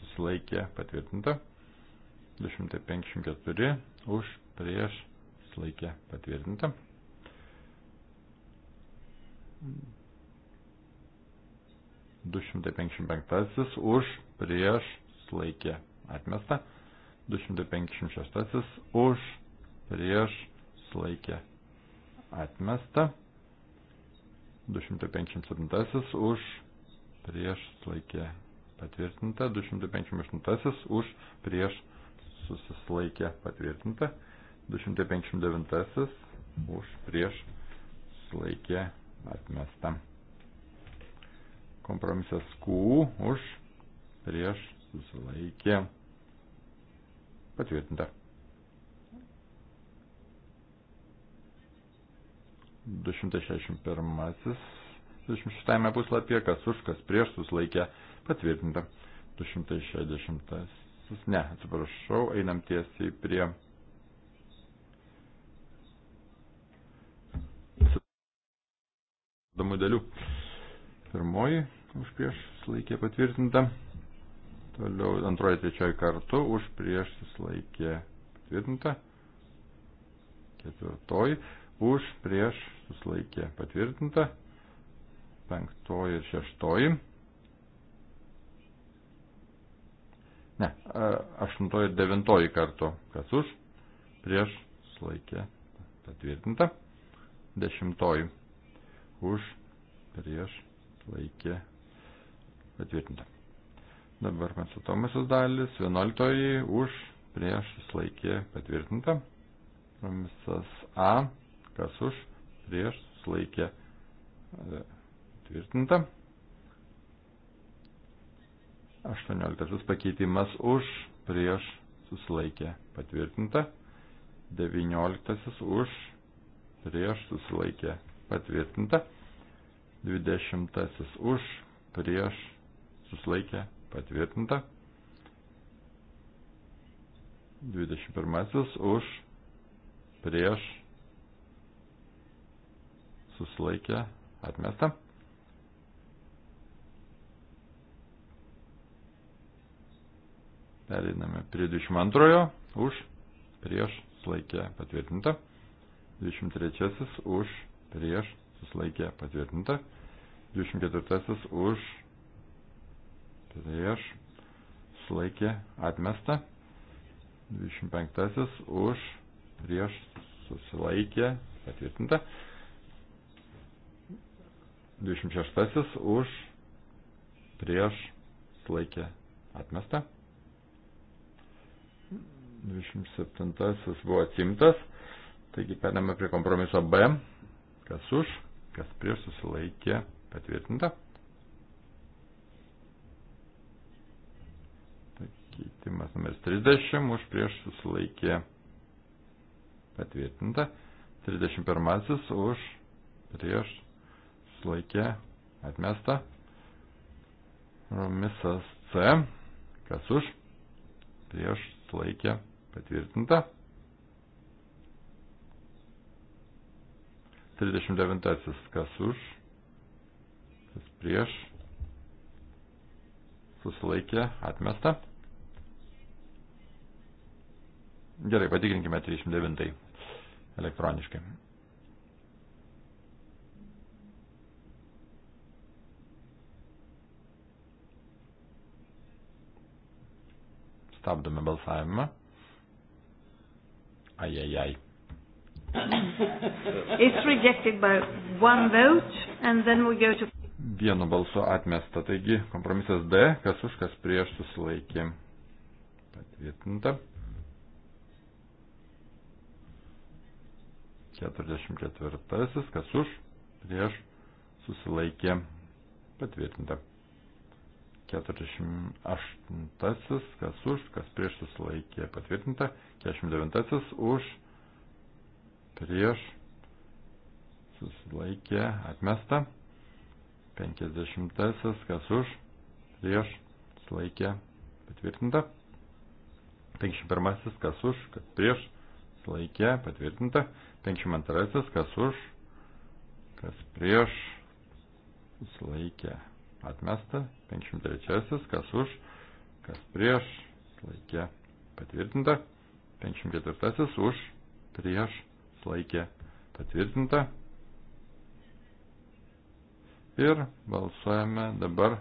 susilaikė, patvirtinta. 254 už, prieš, susilaikė, patvirtinta. Mm. 255 už prieš slaikė atmesta. 256 už, prieš, sulaikė, atmesta. 257 už, prieš, sulaikė, patvirtinta. 258 už, prieš, susislaikė, patvirtinta. 259 už, prieš, sulaikė, atmesta kompromisas Q už prieš susilaikė Patvirtinta. 261. 26 puslapyje, kas už, kas prieš susilaikė. Patvirtinta. 260. Ne, atsiprašau, einam tiesiai prie. Damų dalių. Pirmoji už prieš sulaikė patvirtinta. Toliau antroji trečioji kartu už prieš susilaikė patvirtinta. Ketvirtoji už prieš susilaikė patvirtinta. Penktoji ir šeštoji. Ne, aštuntoji ir devintoji kartu. Kas už prieš susilaikė patvirtinta. Dešimtoji už prieš laikė patvirtinta. Dabar konstatuomasis dalis, 11 už, prieš, susilaikė, patvirtinta. Kompromisas A, kas už, prieš, susilaikė, e, patvirtinta. 18 pakeitimas už, prieš, susilaikė, patvirtinta. 19 už, prieš, susilaikė, patvirtinta. 20 už, prieš, susilaikė, patvirtinta. 21 už, prieš, susilaikė, atmesta. Pereiname prie 22 už, prieš, susilaikė, patvirtinta. 23 už, prieš, susilaikė, patvirtinta. 24 už, prieš, tai sulaikė, atmesta. 25 už, prieš, susilaikė, patvirtinta. 26 už, prieš, sulaikė, atmesta. 27 buvo atsimtas. Taigi perėmė prie kompromiso B. Kas už, kas prieš susilaikė, patvirtinta. Pakeitimas numeris 30 už prieš susilaikė patvirtinta. 31 už prieš susilaikė atmesta. Romisas C. Kas už? Prieš susilaikė patvirtinta. 39. Kas už? Kas prieš? Susilaikė atmesta. Gerai, patikrinkime 39 elektroniškai. Stabdome balsavimą. Ajajaj. It's rejected by one vote and then we go to... Vienu balsu atmesta, taigi kompromisas D, kas už, kas prieš susilaikė. Patvirtinta. 44. Kas už? Prieš susilaikė patvirtinta. 48. Kas už? Kas prieš susilaikė patvirtinta. 49. Už? Prieš susilaikė atmesta. 50. Kas už? Prieš susilaikė patvirtinta. 51. Kas už? Kas prieš susilaikė patvirtinta. 52. Kas už, kas prieš, susilaikė atmesta. 53. Kas už, kas prieš, susilaikė patvirtinta. 54. Už, prieš, susilaikė patvirtinta. Ir balsuojame dabar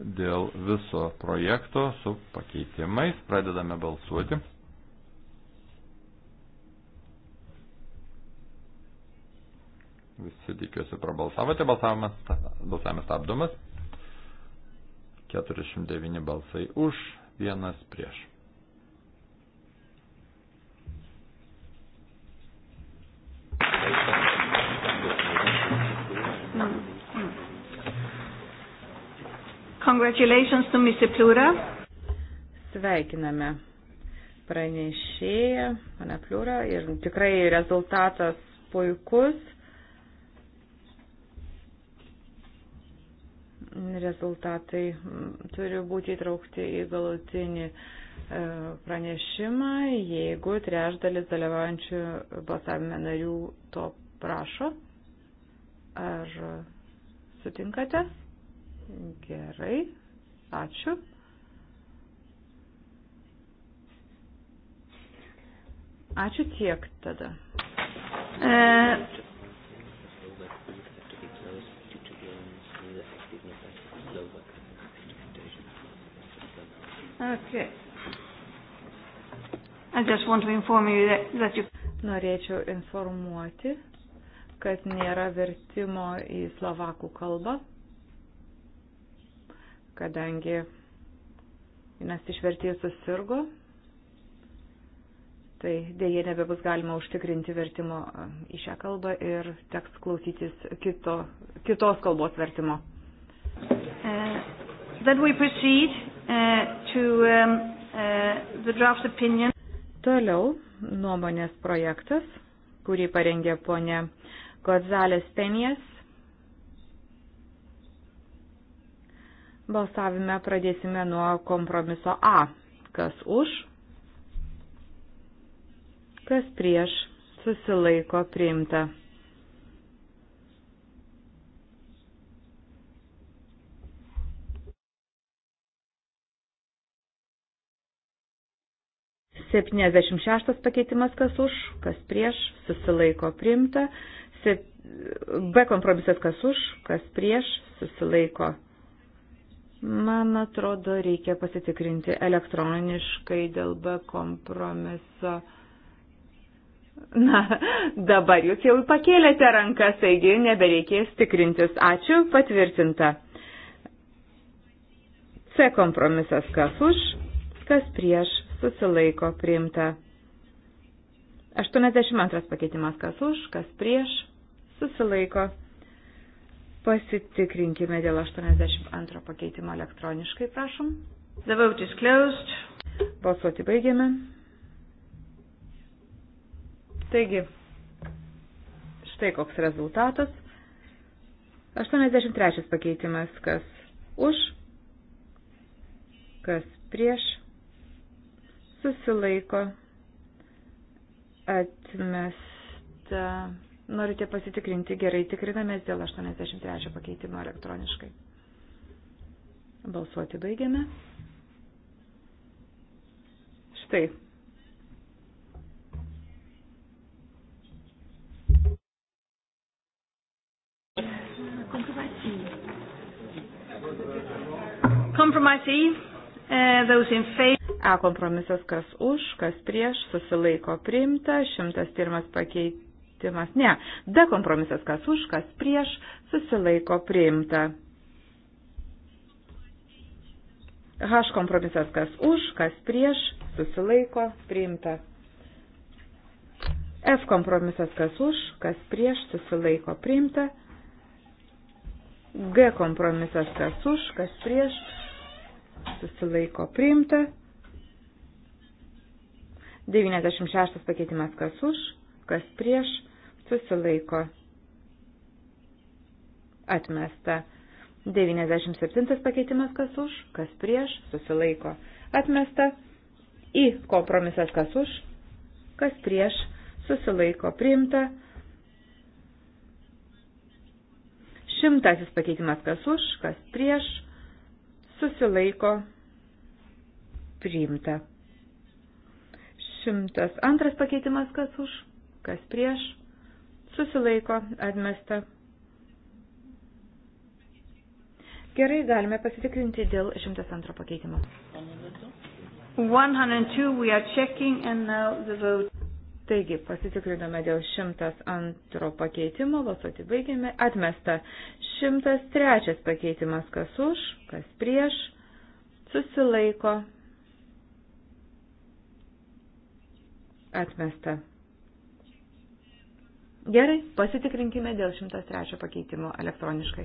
dėl viso projekto su pakeitimais. Pradedame balsuoti. Visi tikiuosi prabalsavote, balsavimas, balsavimas stabdomas. 49 balsai už, vienas prieš. Congratulations to Mr. Plura. Sveikiname pranešėją, pana Pliūrą, ir tikrai rezultatas puikus. rezultatai mm, turi būti įtraukti į galutinį e, pranešimą, jeigu trešdalis dalyvaujančių balsavime narių to prašo. Ar sutinkate? Gerai, ačiū. Ačiū tiek tada. E... Okay. I just want to inform you that, that you... Norėčiau informuoti, kad nėra vertimo į slovakų kalbą, kadangi vienas iš vertėjų susirgo, tai dėje nebebus galima užtikrinti vertimo e, į šią kalbą ir teks klausytis kito, kitos kalbos vertimo. Uh, Uh, to um, uh, the draft opinion. Toliau nuomonės projektas, kurį parengė ponė Gonzalės Penijas. Balsavime pradėsime nuo kompromiso A. Kas už, kas prieš, susilaiko priimta. 76 pakeitimas kas už, kas prieš, susilaiko primta. B kompromisas kas už, kas prieš, susilaiko. Man atrodo, reikia pasitikrinti elektroniškai dėl B kompromiso. Na, dabar jūs jau pakėlėte rankas, taigi nebereikės tikrintis. Ačiū, patvirtinta. C kompromisas kas už, kas prieš, susilaiko priimta. 82 pakeitimas kas už, kas prieš, susilaiko. Pasitikrinkime dėl 82 pakeitimo elektroniškai, prašom. The vote is closed. Balsuoti baigiame. Taigi, štai koks rezultatas. 83 pakeitimas kas už, kas prieš, susilaiko atmesta. Norite pasitikrinti gerai, tikrinamės dėl 83 pakeitimo elektroniškai. Balsuoti baigiame. Štai. Compromise E, uh, those in favor. A kompromisas kas už, kas prieš, susilaiko priimta, 101 pakeitimas, ne, D kompromisas kas už, kas prieš, susilaiko priimta. H kompromisas kas už, kas prieš, susilaiko priimta. F kompromisas kas už, kas prieš, susilaiko priimta. G kompromisas kas už, kas prieš, susilaiko priimta. 96 pakeitimas kas už, kas prieš, susilaiko. Atmesta. 97 pakeitimas kas už, kas prieš, susilaiko. Atmesta. Į kompromisas kas už, kas prieš, susilaiko. Priimta. Šimtasis pakeitimas kas už, kas prieš, susilaiko. Priimta. Šimtas antras pakeitimas, kas už, kas prieš, susilaiko, atmesta. Gerai, galime pasitikrinti dėl 102 pakeitimo. 102 we are checking and now the vote. Taigi, pasitikrinome dėl 102 pakeitimo, balsuoti baigėme, atmesta. 103 pakeitimas, kas už, kas prieš, susilaiko, Atmesta. Gerai, pasitikrinkime dėl 103 pakeitimo elektroniškai.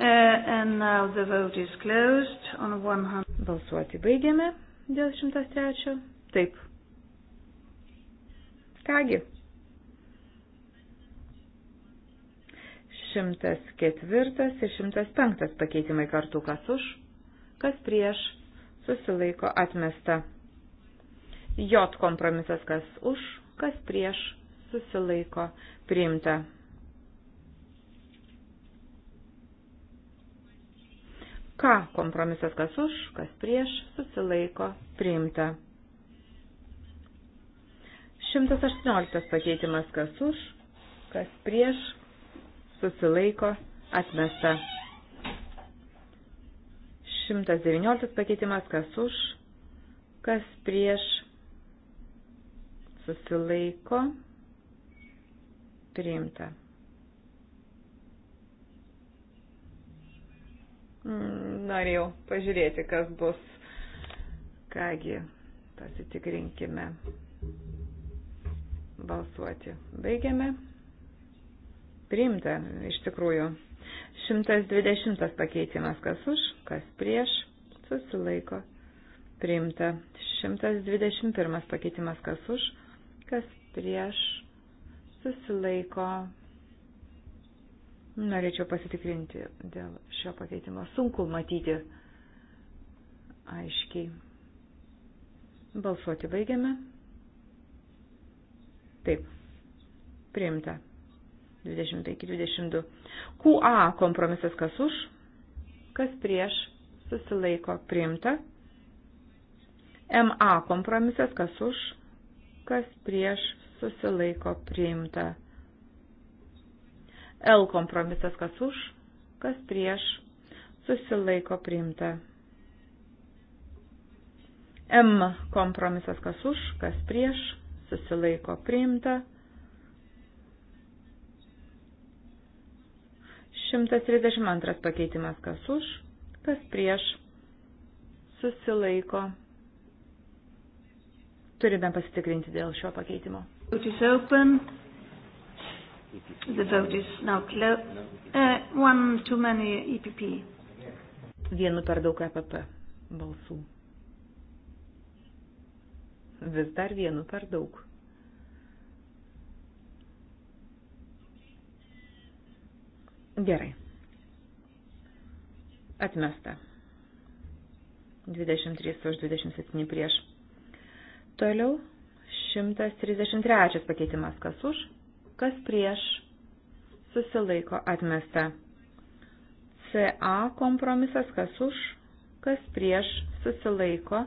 Uh, Balsuoti baigiame dėl 103. Taip. Kągi. 104 ir 105 pakeitimai kartu kas už, kas prieš, susilaiko atmesta. J kompromisas kas už, kas prieš, susilaiko, priimta. K kompromisas kas už, kas prieš, susilaiko, priimta. 118 pakeitimas kas už, kas prieš, susilaiko, atmesta. 119 pakeitimas kas už, kas prieš, susilaiko, priimta. Mm, norėjau pažiūrėti, kas bus. Kągi, pasitikrinkime. Balsuoti. Baigiame. Priimta, iš tikrųjų. 120 pakeitimas, kas už, kas prieš, susilaiko. Priimta. 121 pakeitimas, kas už, kas prieš, susilaiko. Norėčiau pasitikrinti dėl šio pakeitimo. Sunku matyti aiškiai. Balsuoti baigiame. Taip. Priimta. 25-22. QA kompromisas kas už, kas prieš, susilaiko priimta. MA kompromisas kas už, kas prieš susilaiko priimta. L kompromisas kas už, kas prieš susilaiko priimta. M kompromisas kas už, kas prieš susilaiko priimta. 132 pakeitimas kas už, kas prieš susilaiko Turime pasitikrinti dėl šio pakeitimo. The vote is now closed. Uh, one too many EPP. Vienu per daug EPP balsų. Vis dar vienu per daug. Gerai. Atmesta. 23 už 27 prieš. Toliau 133 pakeitimas. Kas už, kas prieš, susilaiko atmesta. CA kompromisas. Kas už, kas prieš, susilaiko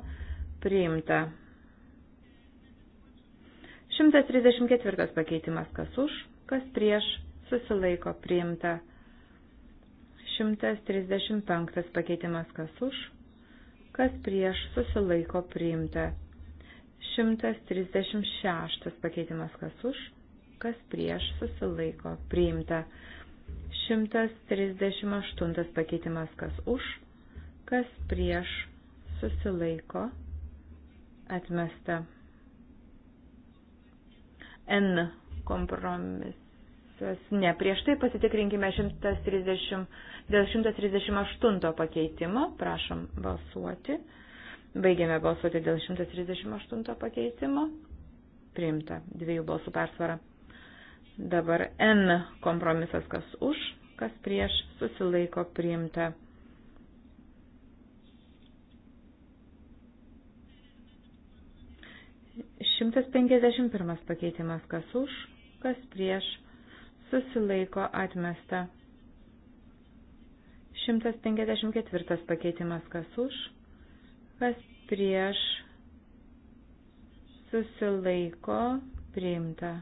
priimta. 134 pakeitimas. Kas už, kas prieš, susilaiko priimta. 135 pakeitimas. Kas už, kas prieš, susilaiko priimta. 136 pakeitimas kas už, kas prieš susilaiko priimta. 138 pakeitimas kas už, kas prieš susilaiko atmesta. N kompromisas. Ne, prieš tai pasitikrinkime 130, dėl 138 pakeitimo. Prašom balsuoti. Baigiame balsuoti dėl 138 pakeitimo. Priimta dviejų balsų persvara. Dabar N kompromisas, kas už, kas prieš, susilaiko priimta. Šimtas penkiasdešimt pirmas pakeitimas, kas už, kas prieš, susilaiko atmesta. Šimtas penkiasdešimt ketvirtas pakeitimas, kas už, kas prieš susilaiko priimta.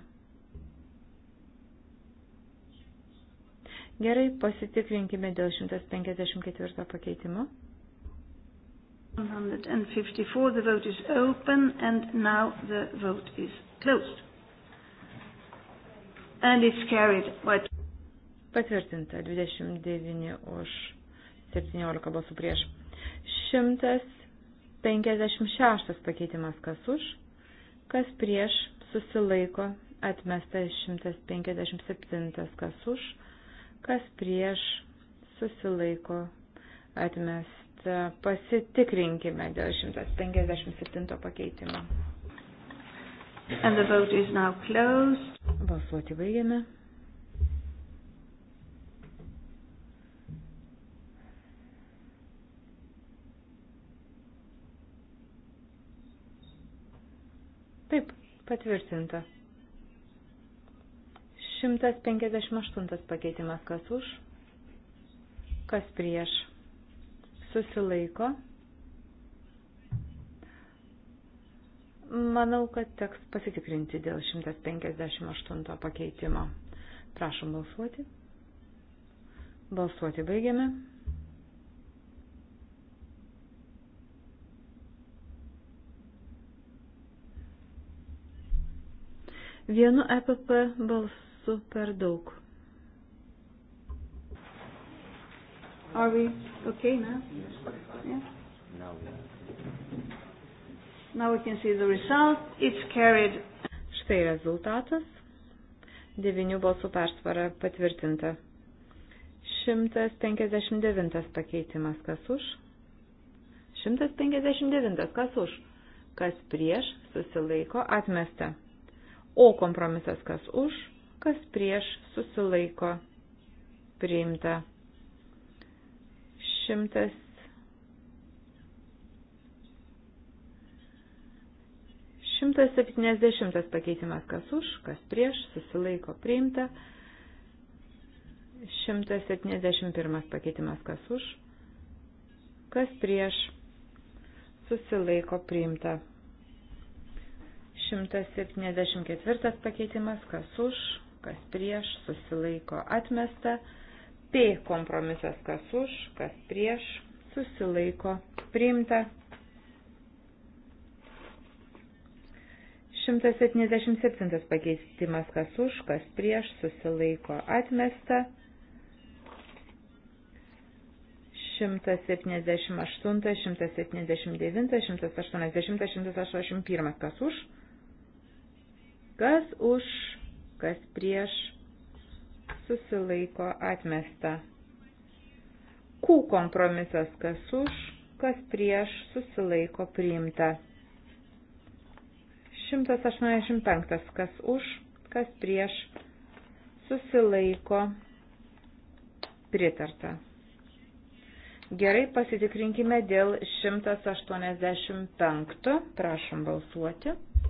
Gerai, pasitikrinkime dėl 154 pakeitimo. 154, the vote is open and now the vote is closed. And it's carried by... Patvirtinta 29 už 17 balsų prieš. 100. 56 pakeitimas kas už, kas prieš susilaiko, atmesta 157 kas už, kas prieš susilaiko, atmesta. Pasitikrinkime dėl 157 pakeitimo. And the vote is now closed. Balsuoti baigiame. Patvirtinta. 158 pakeitimas kas už, kas prieš. Susilaiko. Manau, kad teks pasitikrinti dėl 158 pakeitimo. Prašom balsuoti. Balsuoti baigiame. Vienu EPP balsu per daug. Are we okay now? Yes. Yeah. Now we can see the result. It's carried. Štai rezultatas. Devinių balsų persvara patvirtinta. 159 pakeitimas. Kas už? 159. Kas už? Kas prieš? Susilaiko. Atmesta. O kompromisas kas už, kas prieš susilaiko priimta. 100. 170 pakeitimas kas už, kas prieš, susilaiko priimta. 171 pakeitimas kas už, kas prieš, susilaiko priimta. 174 pakeitimas, kas už, kas prieš, susilaiko atmesta. P kompromisas, kas už, kas prieš, susilaiko priimta. 177 pakeitimas, kas už, kas prieš, susilaiko atmesta. 178, 179, 180, 181, kas už Kas už, kas prieš, susilaiko atmesta. Q kompromisas, kas už, kas prieš, susilaiko priimta. 185. Kas už, kas prieš, susilaiko pritarta. Gerai, pasitikrinkime dėl 185. Prašom balsuoti.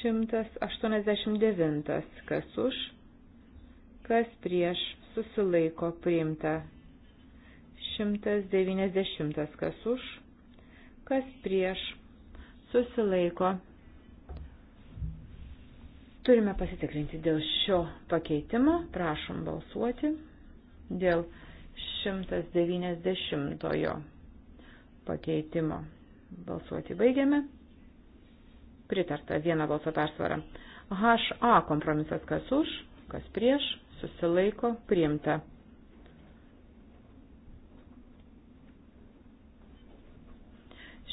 189. Kas už, kas prieš, susilaiko priimta. 190. Kas už, kas prieš, susilaiko. Turime pasitikrinti dėl šio pakeitimo. Prašom balsuoti dėl 190 pakeitimo. Balsuoti baigiame. Pritarta vieno balso persvara. HA kompromisas kas už, kas prieš, susilaiko, priimta.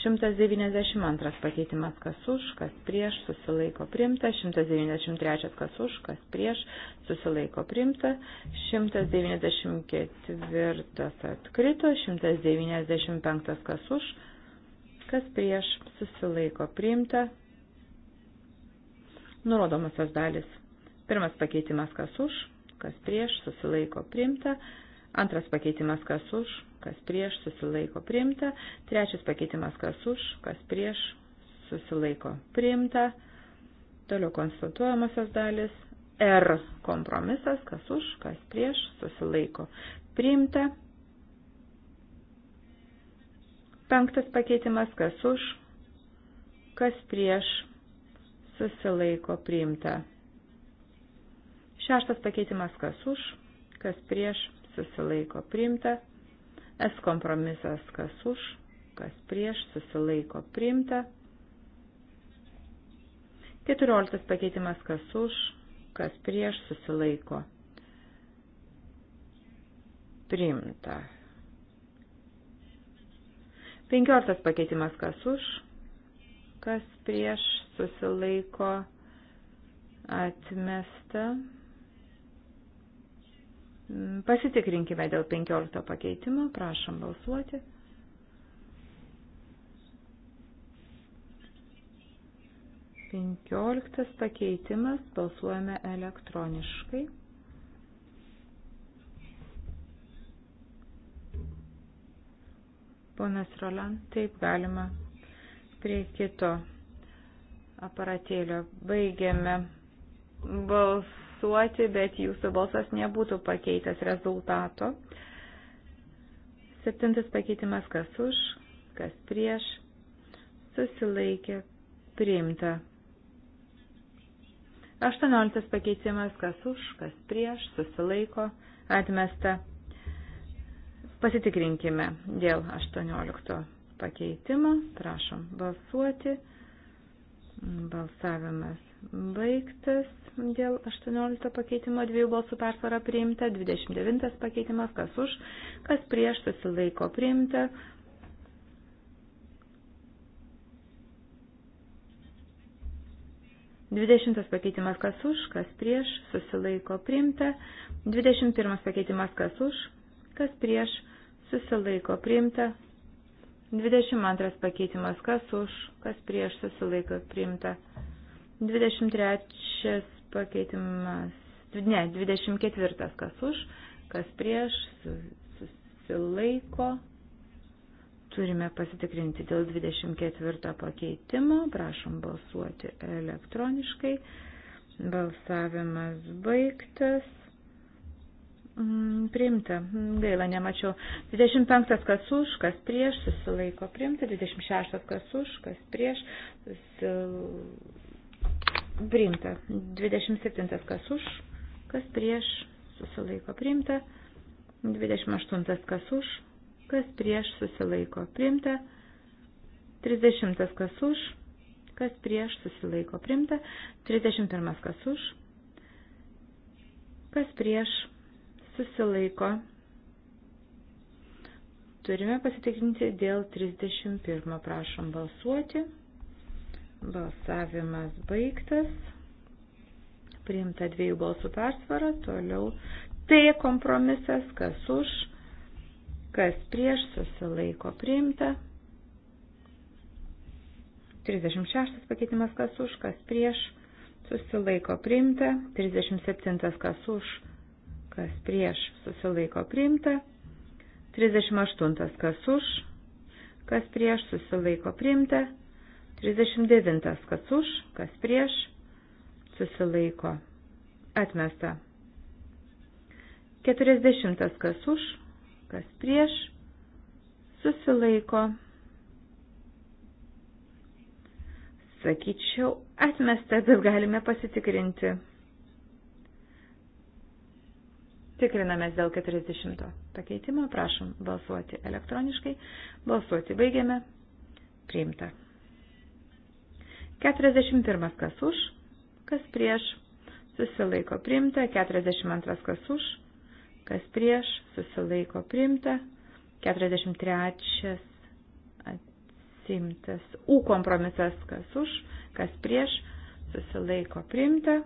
Šimtas devyniasdešimt antras pakeitimas kas už, kas prieš, susilaiko, priimta. Šimtas devyniasdešimt trečias kas už, kas prieš, susilaiko, priimta. Šimtas devyniasdešimt ketvirtas atkrito. Šimtas devyniasdešimt penktas kas už, kas prieš, susilaiko, priimta nurodomasios dalis. Pirmas pakeitimas kas už, kas prieš, susilaiko priimta. Antras pakeitimas kas už, kas prieš, susilaiko priimta. Trečias pakeitimas kas už, kas prieš, susilaiko priimta. Toliau konstatuojamosios dalis. R kompromisas, kas už, kas prieš, susilaiko priimta. Penktas pakeitimas, kas už, kas prieš, susilaiko priimta. Šeštas pakeitimas kas už, kas prieš, susilaiko priimta. S kompromisas kas už, kas prieš, susilaiko priimta. Keturioliktas pakeitimas kas už, kas prieš, susilaiko priimta. Penkioliktas pakeitimas kas už, kas prieš, susilaiko atmesta. Pasitikrinkime dėl 15 pakeitimo, prašom balsuoti. Penkioliktas pakeitimas, balsuojame elektroniškai. Ponas Roland, taip galima prie kito aparatėlio. Baigėme balsuoti, bet jūsų balsas nebūtų pakeitęs rezultato. Septintas pakeitimas kas už, kas prieš, susilaikė, priimta. Aštuonioliktas pakeitimas kas už, kas prieš, susilaiko, atmesta. Pasitikrinkime dėl aštuoniolikto pakeitimo. Prašom balsuoti. Balsavimas baigtas dėl 18 pakeitimo dviejų balsų persvara priimta, 29 pakeitimas kas už, kas prieš susilaiko priimta. Dvidešimtas pakeitimas kas už, kas prieš, susilaiko priimta. Dvidešimt pirmas pakeitimas kas už, kas prieš, susilaiko priimta. 22 pakeitimas, kas už, kas prieš susilaiko priimta. 23 pakeitimas, ne, 24 kas už, kas prieš susilaiko. Turime pasitikrinti dėl 24 pakeitimo, prašom balsuoti elektroniškai. Balsavimas baigtas. Mm, priimta. Mm, gaila, nemačiau. 25 kas už, kas prieš, susilaiko. Priimta. 26 kas už, kas prieš, susilaiko. Priimta. 27 kas už, kas prieš, susilaiko. Priimta. 28 kas už, kas prieš, susilaiko. Priimta. 30 kas už, kas prieš, susilaiko. Priimta. 31 kas už, kas prieš, susilaiko susilaiko. Turime pasitikrinti dėl 31. Prašom balsuoti. Balsavimas baigtas. Priimta dviejų balsų persvara. Toliau T kompromisas, kas už, kas prieš, susilaiko priimta. 36 pakeitimas, kas už, kas prieš, susilaiko priimta. 37 kas už, kas prieš susilaiko priimta, 38 kas už, kas prieš susilaiko priimta, 39 kas už, kas prieš susilaiko atmesta, 40 kas už, kas prieš susilaiko. Sakyčiau, atmesta, bet galime pasitikrinti. Tikrinamės dėl 40 pakeitimo, prašom balsuoti elektroniškai, balsuoti baigiame, priimta. 41 kas už, kas prieš, susilaiko priimta, 42 kas už, kas prieš, susilaiko priimta, 43 atsimtas, U kompromisas kas už, kas prieš, susilaiko priimta.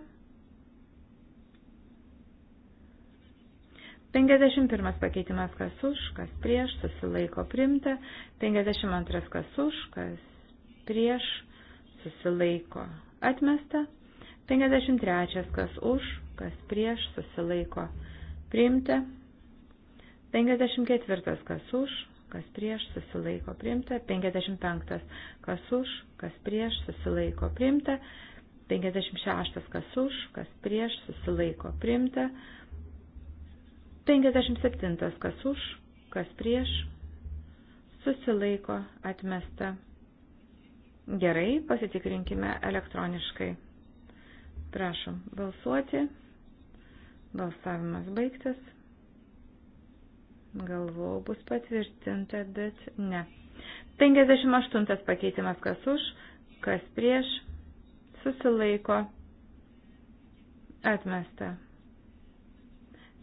51 pakeitimas kas už, kas prieš, susilaiko primta. 52 kas už, kas prieš, susilaiko atmesta. 53 kas už, kas prieš, susilaiko primta. 54 kas už, kas prieš, susilaiko primta. 55 kas už, kas prieš, susilaiko primta. 56 kas už, kas prieš, susilaiko primta. 57. Kas už, kas prieš, susilaiko atmesta. Gerai, pasitikrinkime elektroniškai. Prašom balsuoti. Balsavimas baigtas. Galvau, bus patvirtinta, bet ne. 58 pakeitimas kas už, kas prieš, susilaiko, atmesta.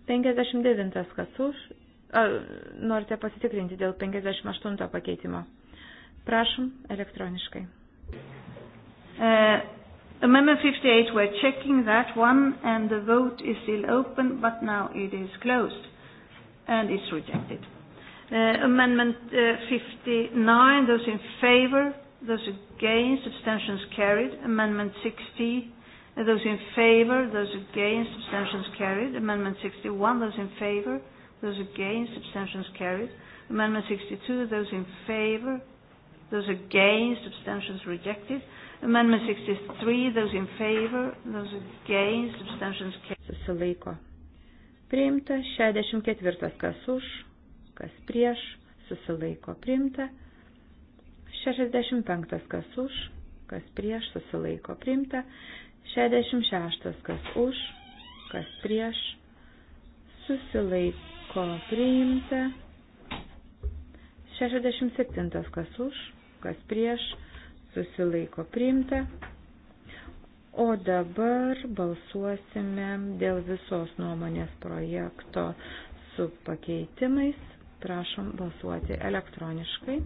59 kas už. A, norite pasitikrinti dėl 58 pakeitimo. Prašom elektroniškai. Uh. Amendment 58, we're checking that one, and the vote is still open, but now it is closed, and it's rejected. Uh, amendment uh, 59, those in favor, those against, abstentions carried. Amendment 60, Those in favor, those against, abstentions carried. Amendment 61, those in favor, those against, abstentions carried. Amendment 62, those in favor, those against, abstentions rejected. Amendment 63, those in favor, those against, abstentions carried. Susilaiko. Priimta 64, kas už, kas prieš, susilaiko priimta. 65, kas už, kas prieš, susilaiko priimta. 66. Kas už, kas prieš, susilaiko priimta. 67. Kas už, kas prieš, susilaiko priimta. O dabar balsuosime dėl visos nuomonės projekto su pakeitimais. Prašom balsuoti elektroniškai.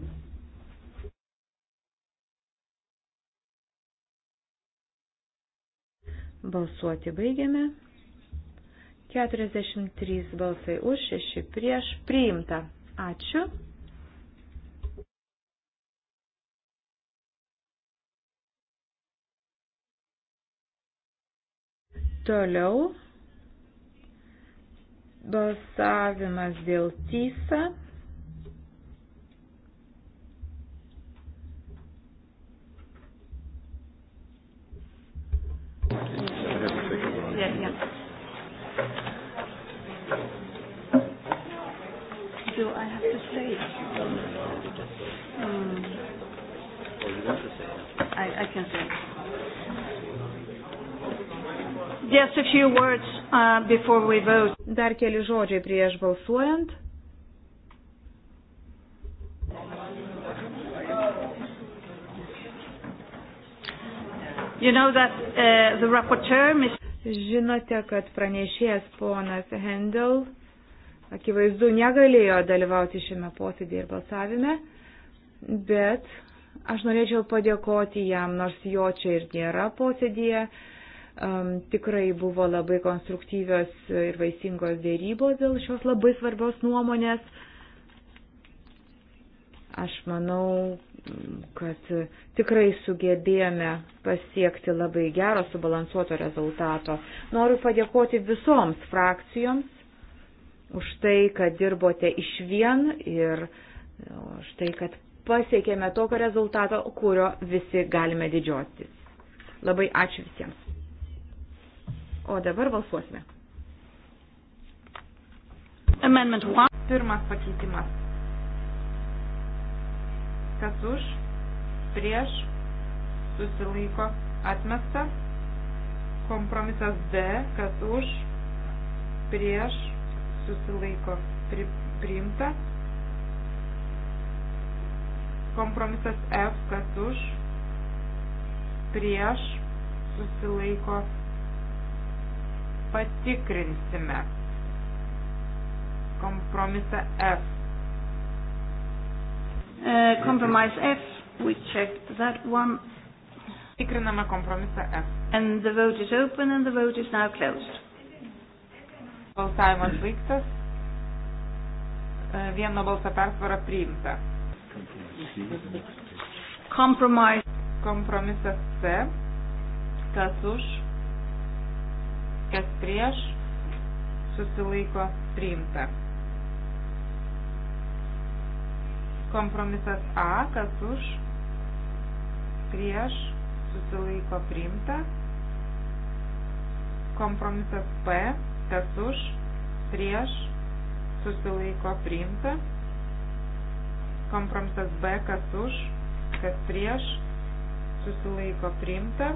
Balsuoti baigiame. 43 balsai už, 6 prieš, priimta. Ačiū. Toliau balsavimas dėl TISA. Yeah, yeah. Do I have to say it? Mm. Or you want to say it? I, I can say it. Just a few words uh, before we vote. Dar keli žodžiai prieš balsuojant. You know that uh, the rapporteur, Mr. Žinote, kad pranešėjas ponas Hendel akivaizdu negalėjo dalyvauti šiame posėdėje ir balsavime, bet aš norėčiau padėkoti jam, nors jo čia ir nėra posėdėje. Um, tikrai buvo labai konstruktyvios ir vaisingos dėrybos dėl šios labai svarbios nuomonės. Uh, Aš manau, kad tikrai sugebėjome pasiekti labai gero subalansuoto rezultato. Noriu padėkoti visoms frakcijoms už tai, kad dirbote iš vien ir už tai, kad pasiekėme tokio rezultato, kurio visi galime didžiuotis. Labai ačiū visiems. O dabar balsuosime. Amendment 1. Pirmas pakeitimas kas už, prieš, susilaiko, atmesta. Kompromisas D, kas už, prieš, susilaiko, pri, priimta. Kompromisas F, kas už, prieš, susilaiko, patikrinsime. Kompromisą F. Uh, compromise F, we checked that one. Tikriname kompromisą F. And the vote is open and the vote is now closed. Balsavimas baigtas. E, vieno balso persvara priimta. Compromise. Kompromisas C. Kas už, kas prieš, susilaiko priimta. Kompromisas A, kas už, prieš, susilaiko priimta. Kompromisas P, kas už, prieš, susilaiko priimta. Kompromisas B, kas už, kas prieš, susilaiko priimta.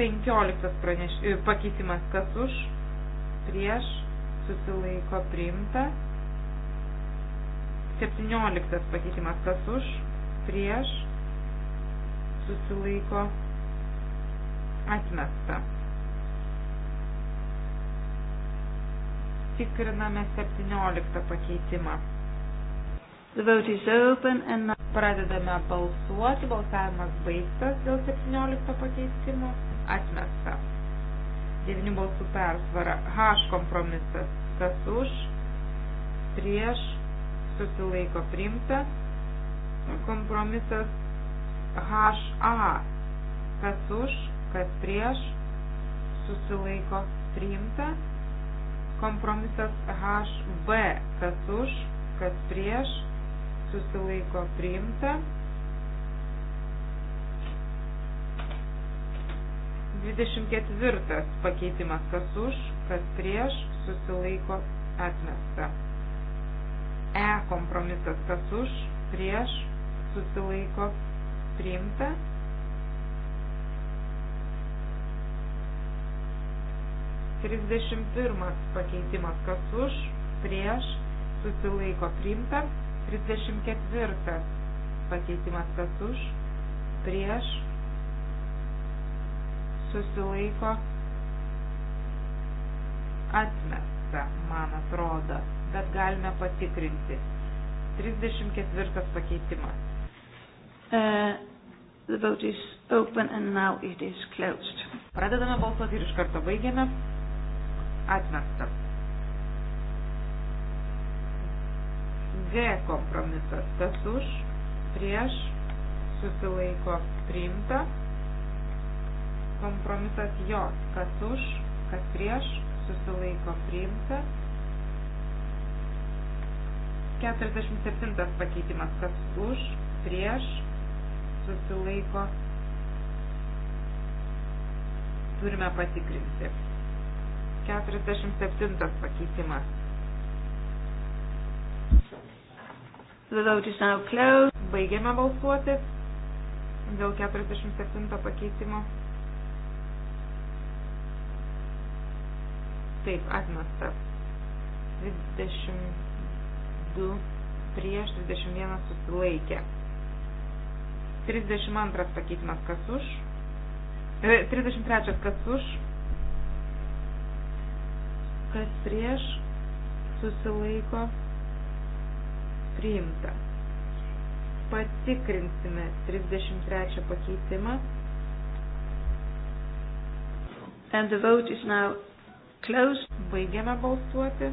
15 praneš, e, pakeitimas kas už, prieš, susilaiko priimta. 17 pakeitimas kas už, prieš, susilaiko, atmesta. Tikriname 17 pakeitimą. The vote is open and Pradedame balsuoti, balsavimas baigtas dėl 17 pakeitimo, atmesta. 9 balsų persvara. H kompromisas. Kas už, prieš, susilaiko priimta. Kompromisas HA. Kas už, kas prieš, susilaiko priimta. Kompromisas HB. Kas už, kas prieš, susilaiko priimta. 24 pakeitimas kas už, kas prieš, susilaiko atmesta. E kompromisas kas už, prieš, susilaiko, priimta. Trisdešimt pirmas pakeitimas kas už, prieš, susilaiko, priimta. Trisdešimt ketvirtas pakeitimas kas už, prieš, susilaiko, atmesta, man atrodo bet galime patikrinti. 34 pakeitimas. Uh, the vote is open and now it is closed. Pradedame balsuoti ir iš karto baigiame. Atmestas. G kompromisas. Kas už, prieš, susilaiko priimta. Kompromisas J. Kas už, kas prieš, susilaiko priimta. 47 pakeitimas, kas už, prieš, susilaiko. Turime patikrinti. 47 pakeitimas. The vote is now closed. Baigiame balsuoti dėl 47 pakeitimo. Taip, atmestas. 20. 2 prieš 21 susilaikė. 32 pakeitimas kas už. 33 e, kas už. Kas prieš susilaiko priimta. Patikrinsime 33 pakeitimą. And the vote is now closed. Baigiame balsuoti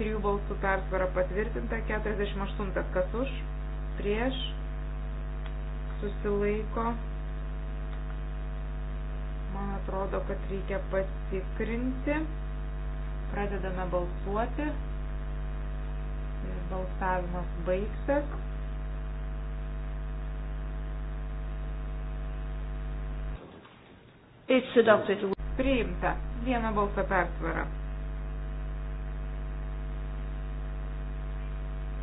trijų balsų persvara patvirtinta, 48 kas už, prieš, susilaiko, man atrodo, kad reikia patikrinti, pradedame balsuoti, balsavimas baigtas. Priimta. Vieną balsą persvarą.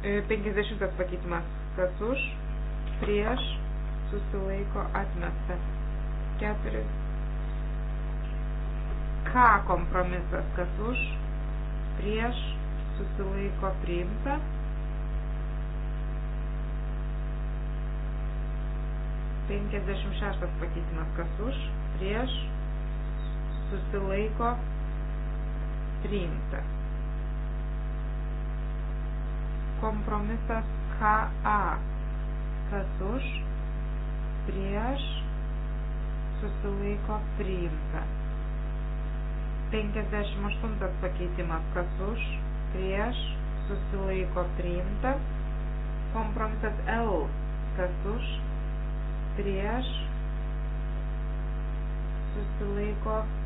50 e, pakeitimas. Kas už, prieš, susilaiko, atmesta. 4. K kompromisas. Kas už, prieš, susilaiko, priimta. Penkiasdešimt šeštas pakeitimas, kas už, prieš, susilaiko, priimta. Kompromisas KA. Kas už, prieš, susilaiko priimta. 58 pakeitimas. Kas už, prieš, susilaiko priimta. Kompromisas L. Kas už, prieš, susilaiko priimta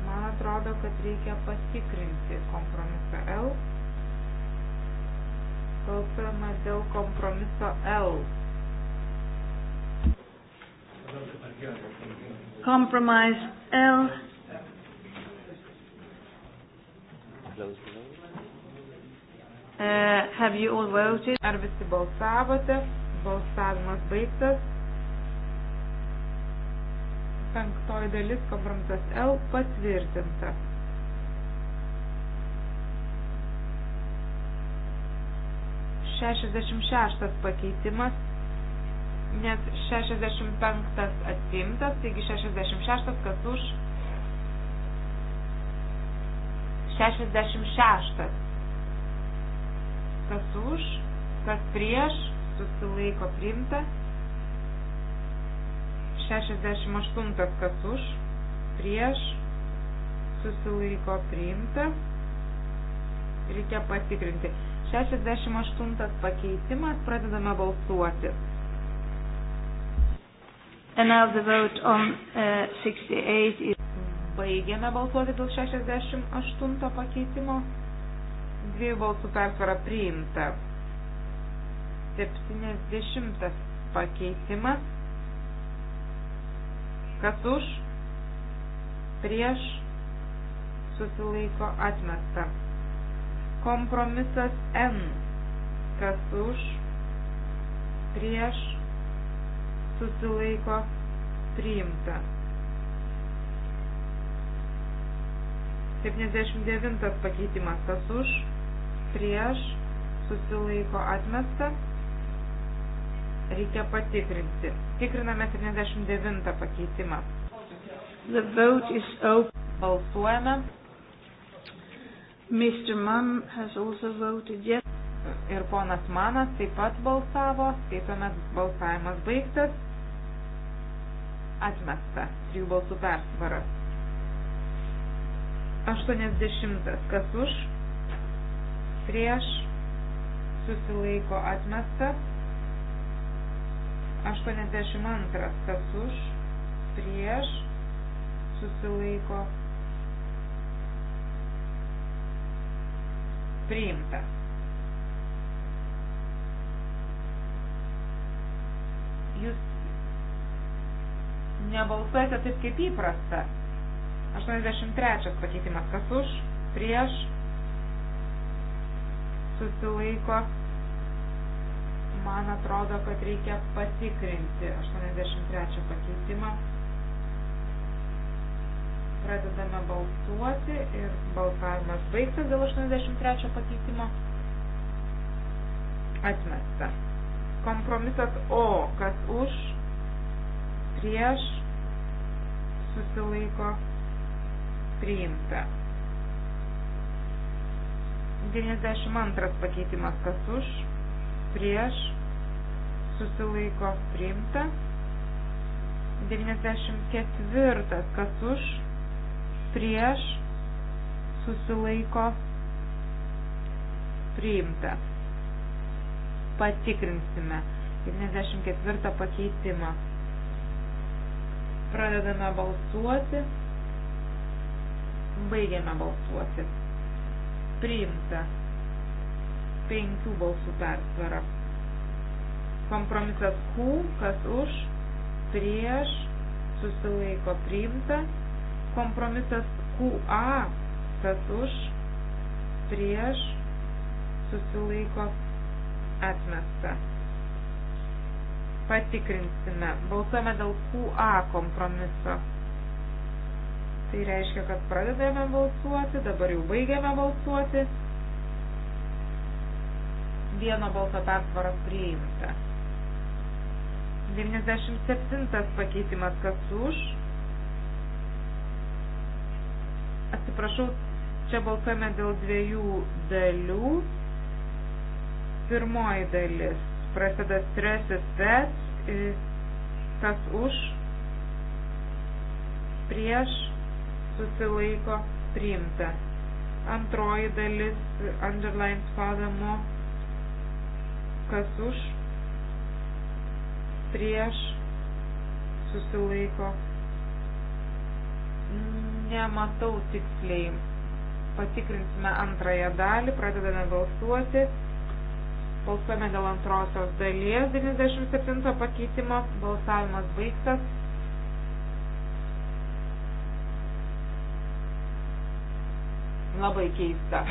man atrodo, kad reikia patikrinti kompromisą L Balsuojama dėl kompromiso L. Compromise L. Uh, have you all voted? Ar visi balsavote? Balsavimas baigtas. Penktoji dalis kompromisas L patvirtinta. 66 pakeitimas, nes 65 atsimtas, taigi 66 kas už 66 kas už, kas prieš, susilaiko priimta, 68 kas už, prieš, susilaiko priimta, reikia patikrinti. 68 pakeitimas, pradedame balsuoti. And now the vote on uh, 68 is... Baigėme balsuoti dėl 68 pakeitimo. Dviejų balsų persvara priimta. 70 pakeitimas. Kas už? Prieš susilaiko atmesta. Kompromisas N. Kas už, prieš, susilaiko, priimta. 79 pakeitimas. Kas už, prieš, susilaiko, atmesta. Reikia patikrinti. Tikriname 79 pakeitimą. The vote is open. Balsuojame. Mr. Mann has also voted yes. Ir ponas Manas taip pat balsavo, tai tuomet balsavimas baigtas. Atmesta. Trijų balsų persvara. 80. Kas už? Prieš. Susilaiko atmesta. 82. Kas už? Prieš. Susilaiko atmesta priimta. Jūs nebalsuojate taip kaip įprasta. 83 pakeitimas kas už, prieš, susilaiko. Man atrodo, kad reikia patikrinti 83 pakeitimą. Pradedame balsuoti ir balsavimas baigtas dėl 83 pakeitimo. Atmesta. Kompromisas O, kas už, prieš, susilaiko, priimta. 92 pakeitimas, kas už, prieš, susilaiko, priimta. 94 kas už, prieš susilaiko priimta. Patikrinsime 94 pakeitimą. Pradedame balsuoti. Baigiame balsuoti. Priimta. Penkių balsų persvara. Kompromisas Q, kas už, prieš, susilaiko priimta. Kompromisas QA, kas už, prieš, susilaiko atmesta. Patikrinsime. Balsuojame dėl QA kompromiso. Tai reiškia, kad pradedame balsuoti, dabar jau baigiame balsuoti. Vieno balso persvara priimta. 97 pakeitimas kas už atsiprašau, čia balsuojame dėl dviejų dalių. Pirmoji dalis prasideda stresis test, kas už, prieš, susilaiko, priimta. Antroji dalis underlines padamo, kas už, prieš, susilaiko. Mm nematau tiksliai. Patikrinsime antrąją dalį, pradedame balsuoti. Balsuojame dėl antrosios dalies 97 pakeitimo. Balsavimas baigtas. Labai keista.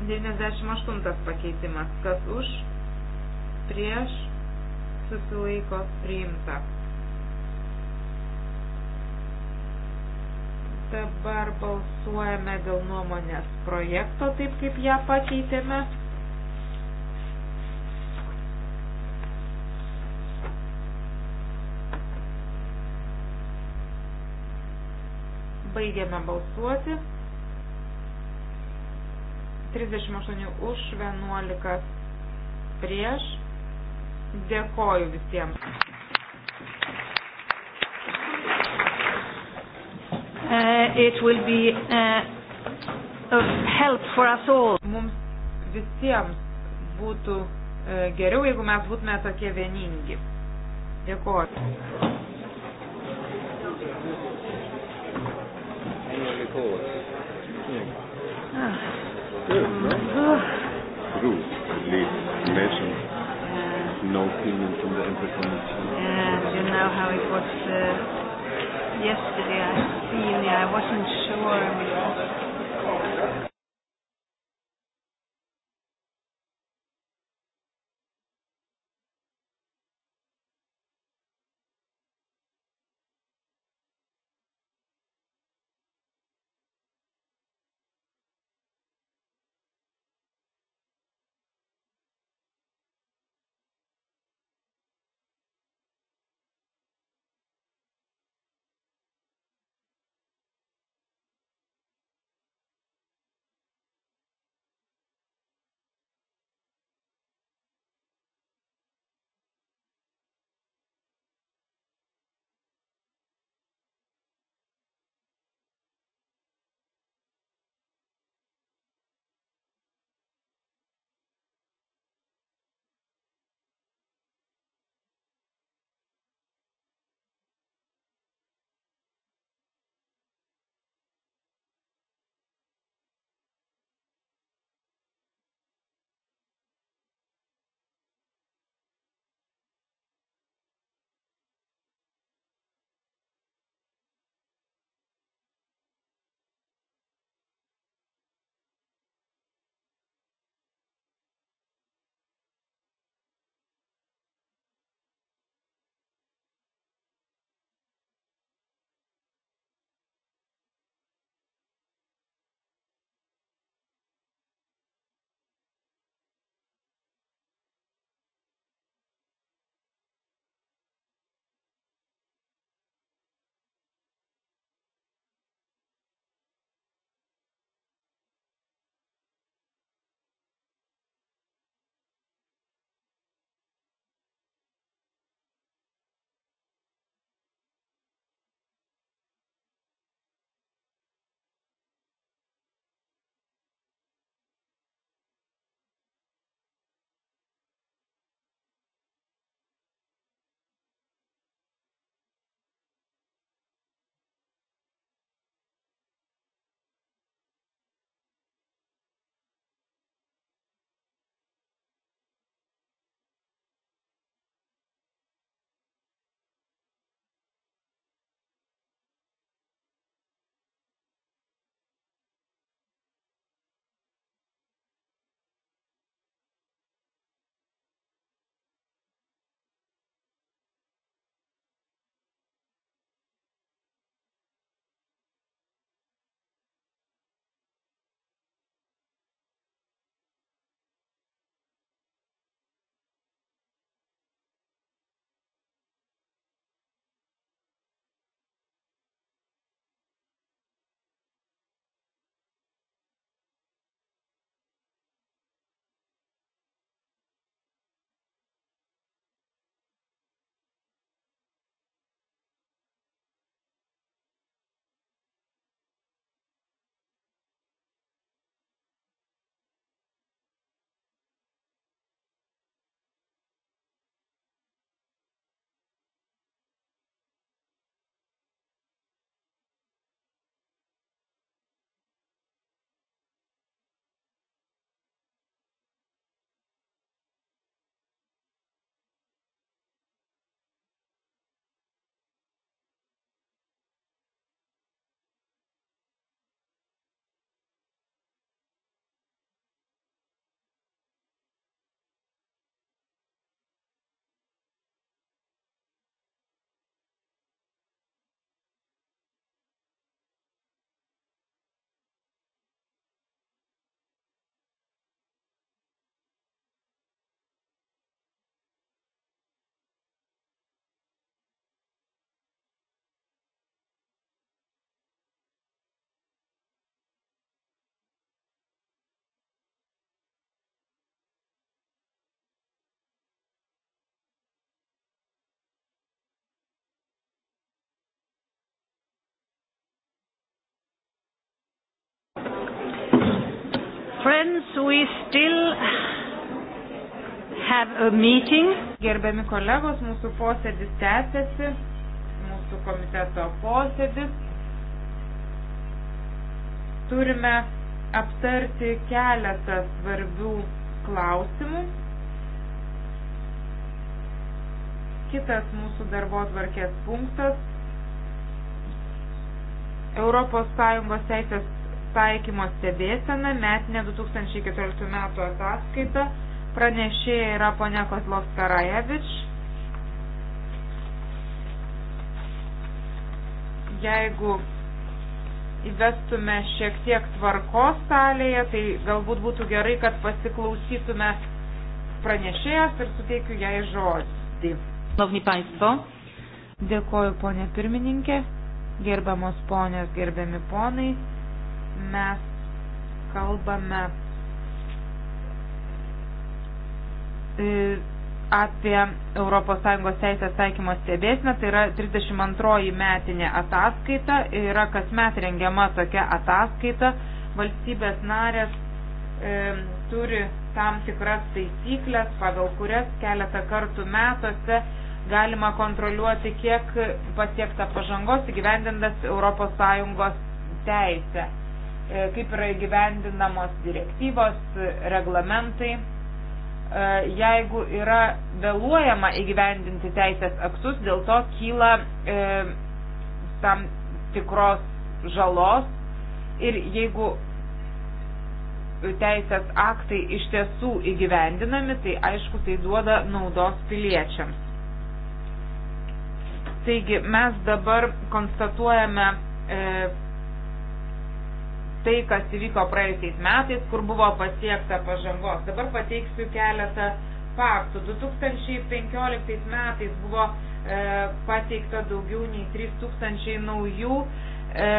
Devyniasdešimt aštuntas pakeitimas. Kas už, prieš, susilaiko priimta. Dabar balsuojame dėl nuomonės projekto, taip kaip ją pakeitėme. Baigiame balsuoti. 38 už, 11 prieš. Dėkoju visiems. uh, it will be uh, of help for us all. Mums visiems būtų uh, geriau, jeigu mes būtume tokie vieningi. Dėkuoju. No opinion from the Emperor Committee. And you know how it was uh, yesterday I seen, yeah, I wasn't sure. Friends, we still have a meeting. Gerbiami kolegos, mūsų posėdis tęsiasi, mūsų komiteto posėdis. Turime aptarti keletą svarbių klausimų. Kitas mūsų darbo tvarkės punktas Europos Sąjungos teisės taikymo stebėsena, metinė 2014 metų ataskaita, pranešėja yra ponia Kozlovska Rajevič. Jeigu įvestume šiek tiek tvarkos salėje, tai galbūt būtų gerai, kad pasiklausytume pranešėjos ir suteikiu jai žodį. Lovni Paistvo. Dėkoju, ponė pirmininkė, gerbiamos ponės, gerbiami ponai mes kalbame e, apie ES teisės taikymo stebėsime, tai yra 32 metinė ataskaita, yra kasmet rengiama tokia ataskaita, valstybės narės e, turi tam tikras taisyklės, pagal kurias keletą kartų metuose galima kontroliuoti, kiek pasiekta pažangos įgyvendintas ES teisė. E, kaip yra įgyvendinamos direktyvos, e, reglamentai. E, jeigu yra vėluojama įgyvendinti teisės aktus, dėl to kyla e, tam tikros žalos ir jeigu teisės aktai iš tiesų įgyvendinami, tai aišku, tai duoda naudos piliečiams. Taigi mes dabar konstatuojame e, tai, kas įvyko praėjusiais metais, kur buvo pasiekta pažangos. Dabar pateiksiu keletą faktų. 2015 metais buvo e, pateikta daugiau nei 3000 naujų e,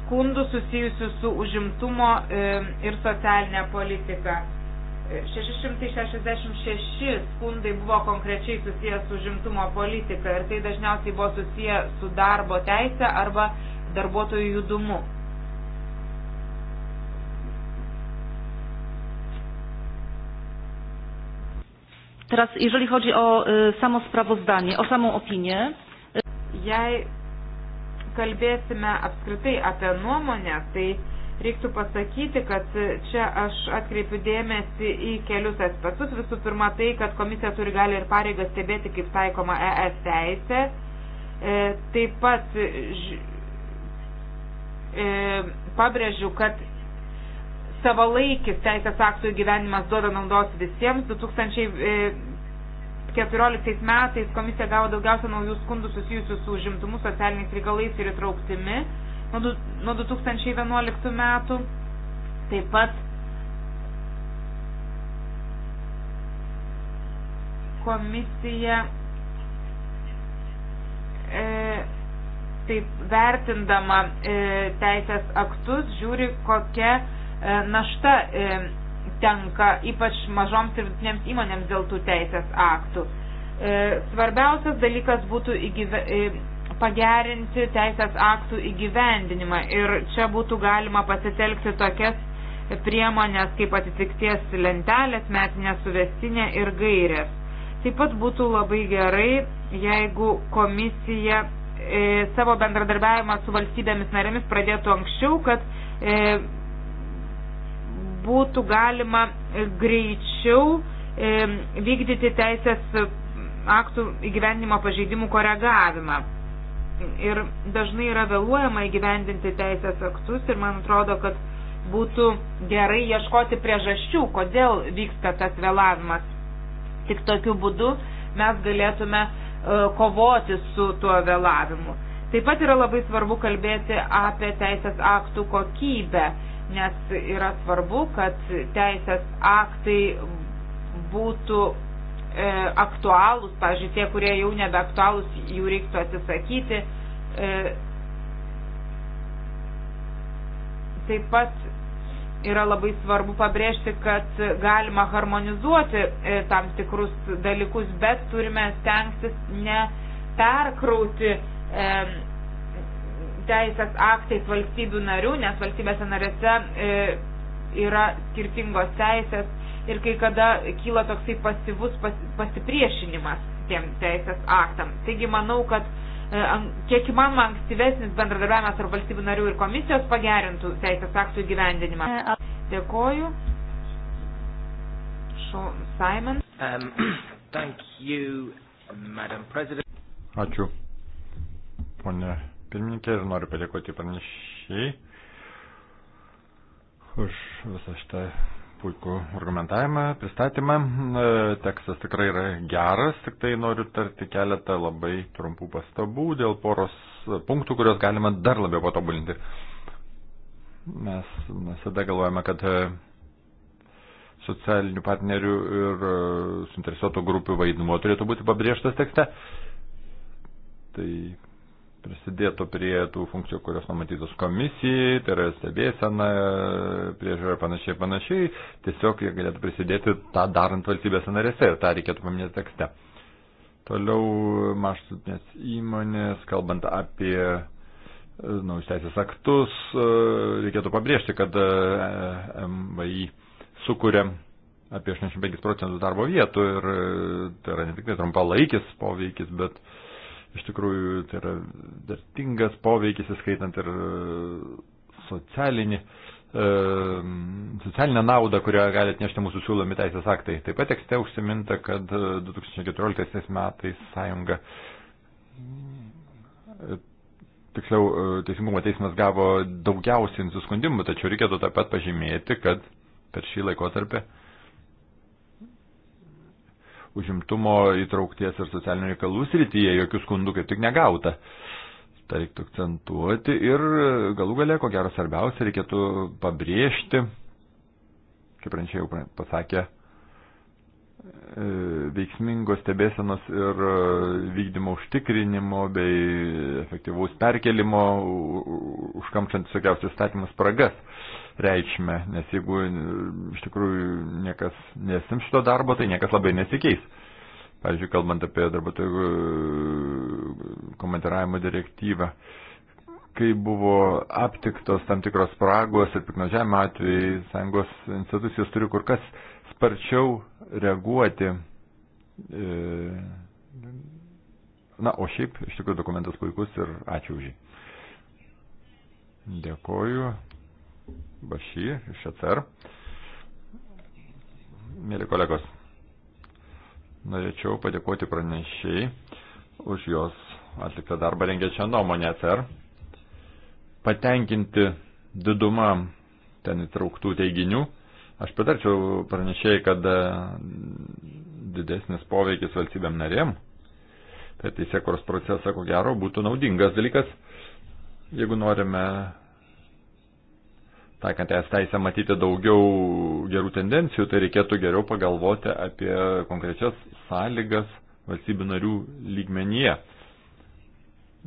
skundų susijusių su užimtumo e, ir socialinė politika. 666 e, skundai buvo konkrečiai susijęs su žimtumo politika ir tai dažniausiai buvo susiję su darbo teise arba darbuotojų judumu. Teraz, jeżeli chodzi o y, samo sprawozdanie, o samą opinię. Jei kalbėsime apskritai apie nuomonę, tai reiktų pasakyti, kad čia aš atkreipiu dėmesį į kelius aspektus. Visų pirma, tai, kad komisija turi gali ir pareigą stebėti, kaip taikoma ES teisė. E, taip pat ž, e, pabrėžiu, kad savalaikis teisės aktų įgyvenimas duoda naudos visiems. 2014 e, metais komisija gavo daugiausia naujų skundų susijusių su užimtumu, socialiniais reikalais ir įtrauktimi nuo 2011 metų. Taip pat komisija e, taip vertindama e, teisės aktus žiūri, kokia E, našta e, tenka ypač mažoms ir vidutinėms įmonėms dėl tų teisės aktų. E, svarbiausias dalykas būtų įgyve, pagerinti teisės aktų įgyvendinimą ir čia būtų galima pasitelkti tokias priemonės kaip atitikties lentelės, metinė suvestinė ir gairės. Taip pat būtų labai gerai, jeigu komisija e, savo bendradarbiavimą su valstybėmis narėmis pradėtų anksčiau, kad e, būtų galima e, greičiau e, vykdyti teisės e, aktų įgyvendinimo pažeidimų koregavimą. Ir dažnai yra vėluojama įgyvendinti teisės aktus ir man atrodo, kad būtų gerai ieškoti priežasčių, kodėl vyksta tas vėlavimas. Tik tokiu būdu mes galėtume kovoti su tuo vėlavimu. Taip pat yra labai svarbu kalbėti apie teisės aktų kokybę nes yra svarbu, kad teisės aktai būtų e, aktualūs, pažiūrėjau, tie, kurie jau nebeaktualūs, jų reiktų atsisakyti. E, taip pat yra labai svarbu pabrėžti, kad galima harmonizuoti e, tam tikrus dalykus, bet turime stengtis neperkrauti e, teisės aktais valstybių narių, nes valstybėse narėse e, yra skirtingos teisės ir kai kada kyla toksai pasyvus pasipriešinimas tiem teisės aktam. Taigi manau, kad e, kiek įmanoma ankstyvesnis bendradarbiavimas tarp valstybių narių ir komisijos pagerintų teisės aktų įgyvendinimą. Dėkoju. Sean Simon. Um, thank you, Madam President. Ačiū, ponė pirmininkė ir noriu padėkoti panašiai už visą šitą puikų argumentavimą, pristatymą. Tekstas tikrai yra geras, tik tai noriu tarti keletą labai trumpų pastabų dėl poros punktų, kuriuos galima dar labiau patobulinti. Mes visada galvojame, kad e, socialinių partnerių ir e, suinteresuotų grupių vaidmuo turėtų būti pabrėžtas tekste. Tai prisidėtų prie tų funkcijų, kurios numatytos komisijai, tai yra stebėsena, priežiūra ir panašiai, panašiai, tiesiog jie galėtų prisidėti tą darant valstybės narėse ir tą reikėtų paminėti tekste. Toliau maštutinės įmonės, kalbant apie e, naujus teisės aktus, e, reikėtų pabrėžti, kad e, MVI sukuria apie 85 procentų darbo vietų ir tai yra ne tik tai trumpalaikis poveikis, bet uh, Iš tikrųjų, tai yra vertingas poveikis, įskaitant ir e, socialinį, e, socialinę naudą, kurią gali atnešti mūsų siūlomi teisės aktai. Taip pat tekste užsiminta, kad 2014 e, metais sąjunga, e, tiksliau, Teisingumo teismas gavo daugiausiai nusiskundimų, tačiau reikėtų taip pat pažymėti, kad per šį laikotarpį užimtumo įtraukties ir socialinių reikalų srityje jokių skundų kaip tik negauta. Tai reiktų akcentuoti ir galų gale, ko gero svarbiausia, reikėtų pabrėžti, kaip rančiai jau pasakė, e, veiksmingos stebėsenos ir e, vykdymo užtikrinimo bei efektyvaus perkelimo, užkamšant visokiausias statymus spragas reikšmę, nes jeigu e, iš tikrųjų niekas nesim šito darbo, tai niekas labai nesikeis. Pavyzdžiui, kalbant apie darbuotojų e, komentaravimo direktyvą, kai buvo aptiktos tam tikros spragos ir piknožėmė atvejai, sąjungos institucijos turi kur kas sparčiau reaguoti. E, na, o šiaip, iš tikrųjų, dokumentas puikus ir ačiū už jį. Dėkoju. Bašy iš ECR. Mėly kolegos, norėčiau padėkoti pranešiai už jos atliktą darbą rengiačią nuomonę ECR. Patenkinti didumą ten įtrauktų teiginių. Aš pritarčiau pranešėjai, kad e, didesnis poveikis valstybėm narėm per teisėkuros procesą, ko gero, būtų naudingas dalykas, jeigu norime taikant es teisę matyti daugiau gerų tendencijų, tai reikėtų geriau pagalvoti apie konkrečias sąlygas valstybių narių lygmenyje.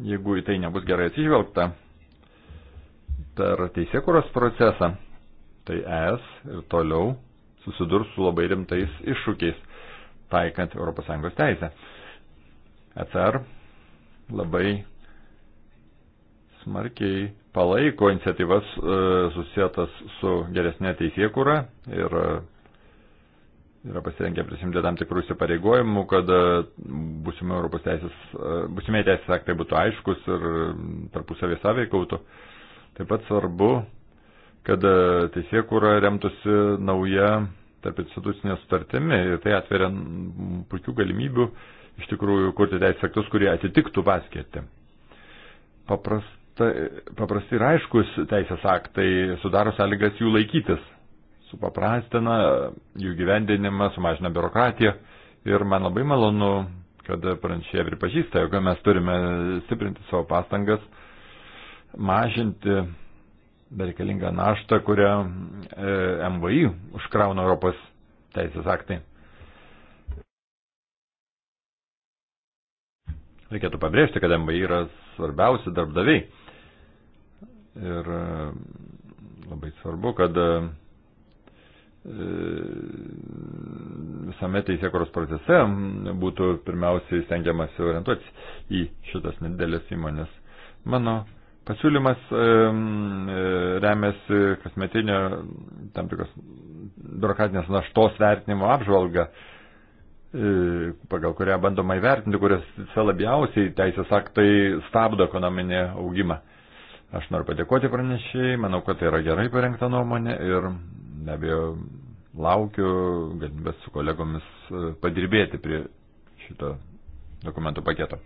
Jeigu į tai nebus gerai atsižvelgta per teisėkuros procesą, tai es ir toliau susidurs su labai rimtais iššūkiais taikant ES teisę. ECR labai smarkiai palaiko iniciatyvas e, susijęs su geresnė teisėkūra ir e, yra pasirengę prisimti tam tikrų įsipareigojimų, kad e, būsime Europos teisės, būsime teisės aktai būtų aiškus ir tarpusavės sąveikautų. Taip pat svarbu, kad teisėkūra remtųsi nauja tarp institucinė sutartimi ir tai atveria puikių galimybių iš tikrųjų kurti teisės aktus, kurie atitiktų paskirtį. Papras ta, paprasti ir aiškus teisės aktai sudaro sąlygas jų laikytis, supaprastina jų gyvendinimą, sumažina biurokratiją ir man labai malonu, kad pranešėja pripažįsta, jog mes turime stiprinti savo pastangas, mažinti bereikalingą naštą, kurią e, MVI užkrauna Europos teisės aktai. Reikėtų pabrėžti, kad MVI yra svarbiausi darbdaviai. Ir e, labai svarbu, kad e, visame teisėkoros procese būtų pirmiausiai stengiamasi orientuotis į šitas nedėlės įmonės. Mano pasiūlymas e, remiasi kasmetinio tam tikros biurokratinės naštos vertinimo apžvalgą, pagal kurią bandoma įvertinti, kuriuose labiausiai teisės aktai stabdo ekonominį augimą. Aš noriu padėkoti pranešėjai, manau, kad tai yra gerai parengta nuomonė ir be abejo laukiu galimybės su kolegomis e, padirbėti prie šito dokumentų paketo.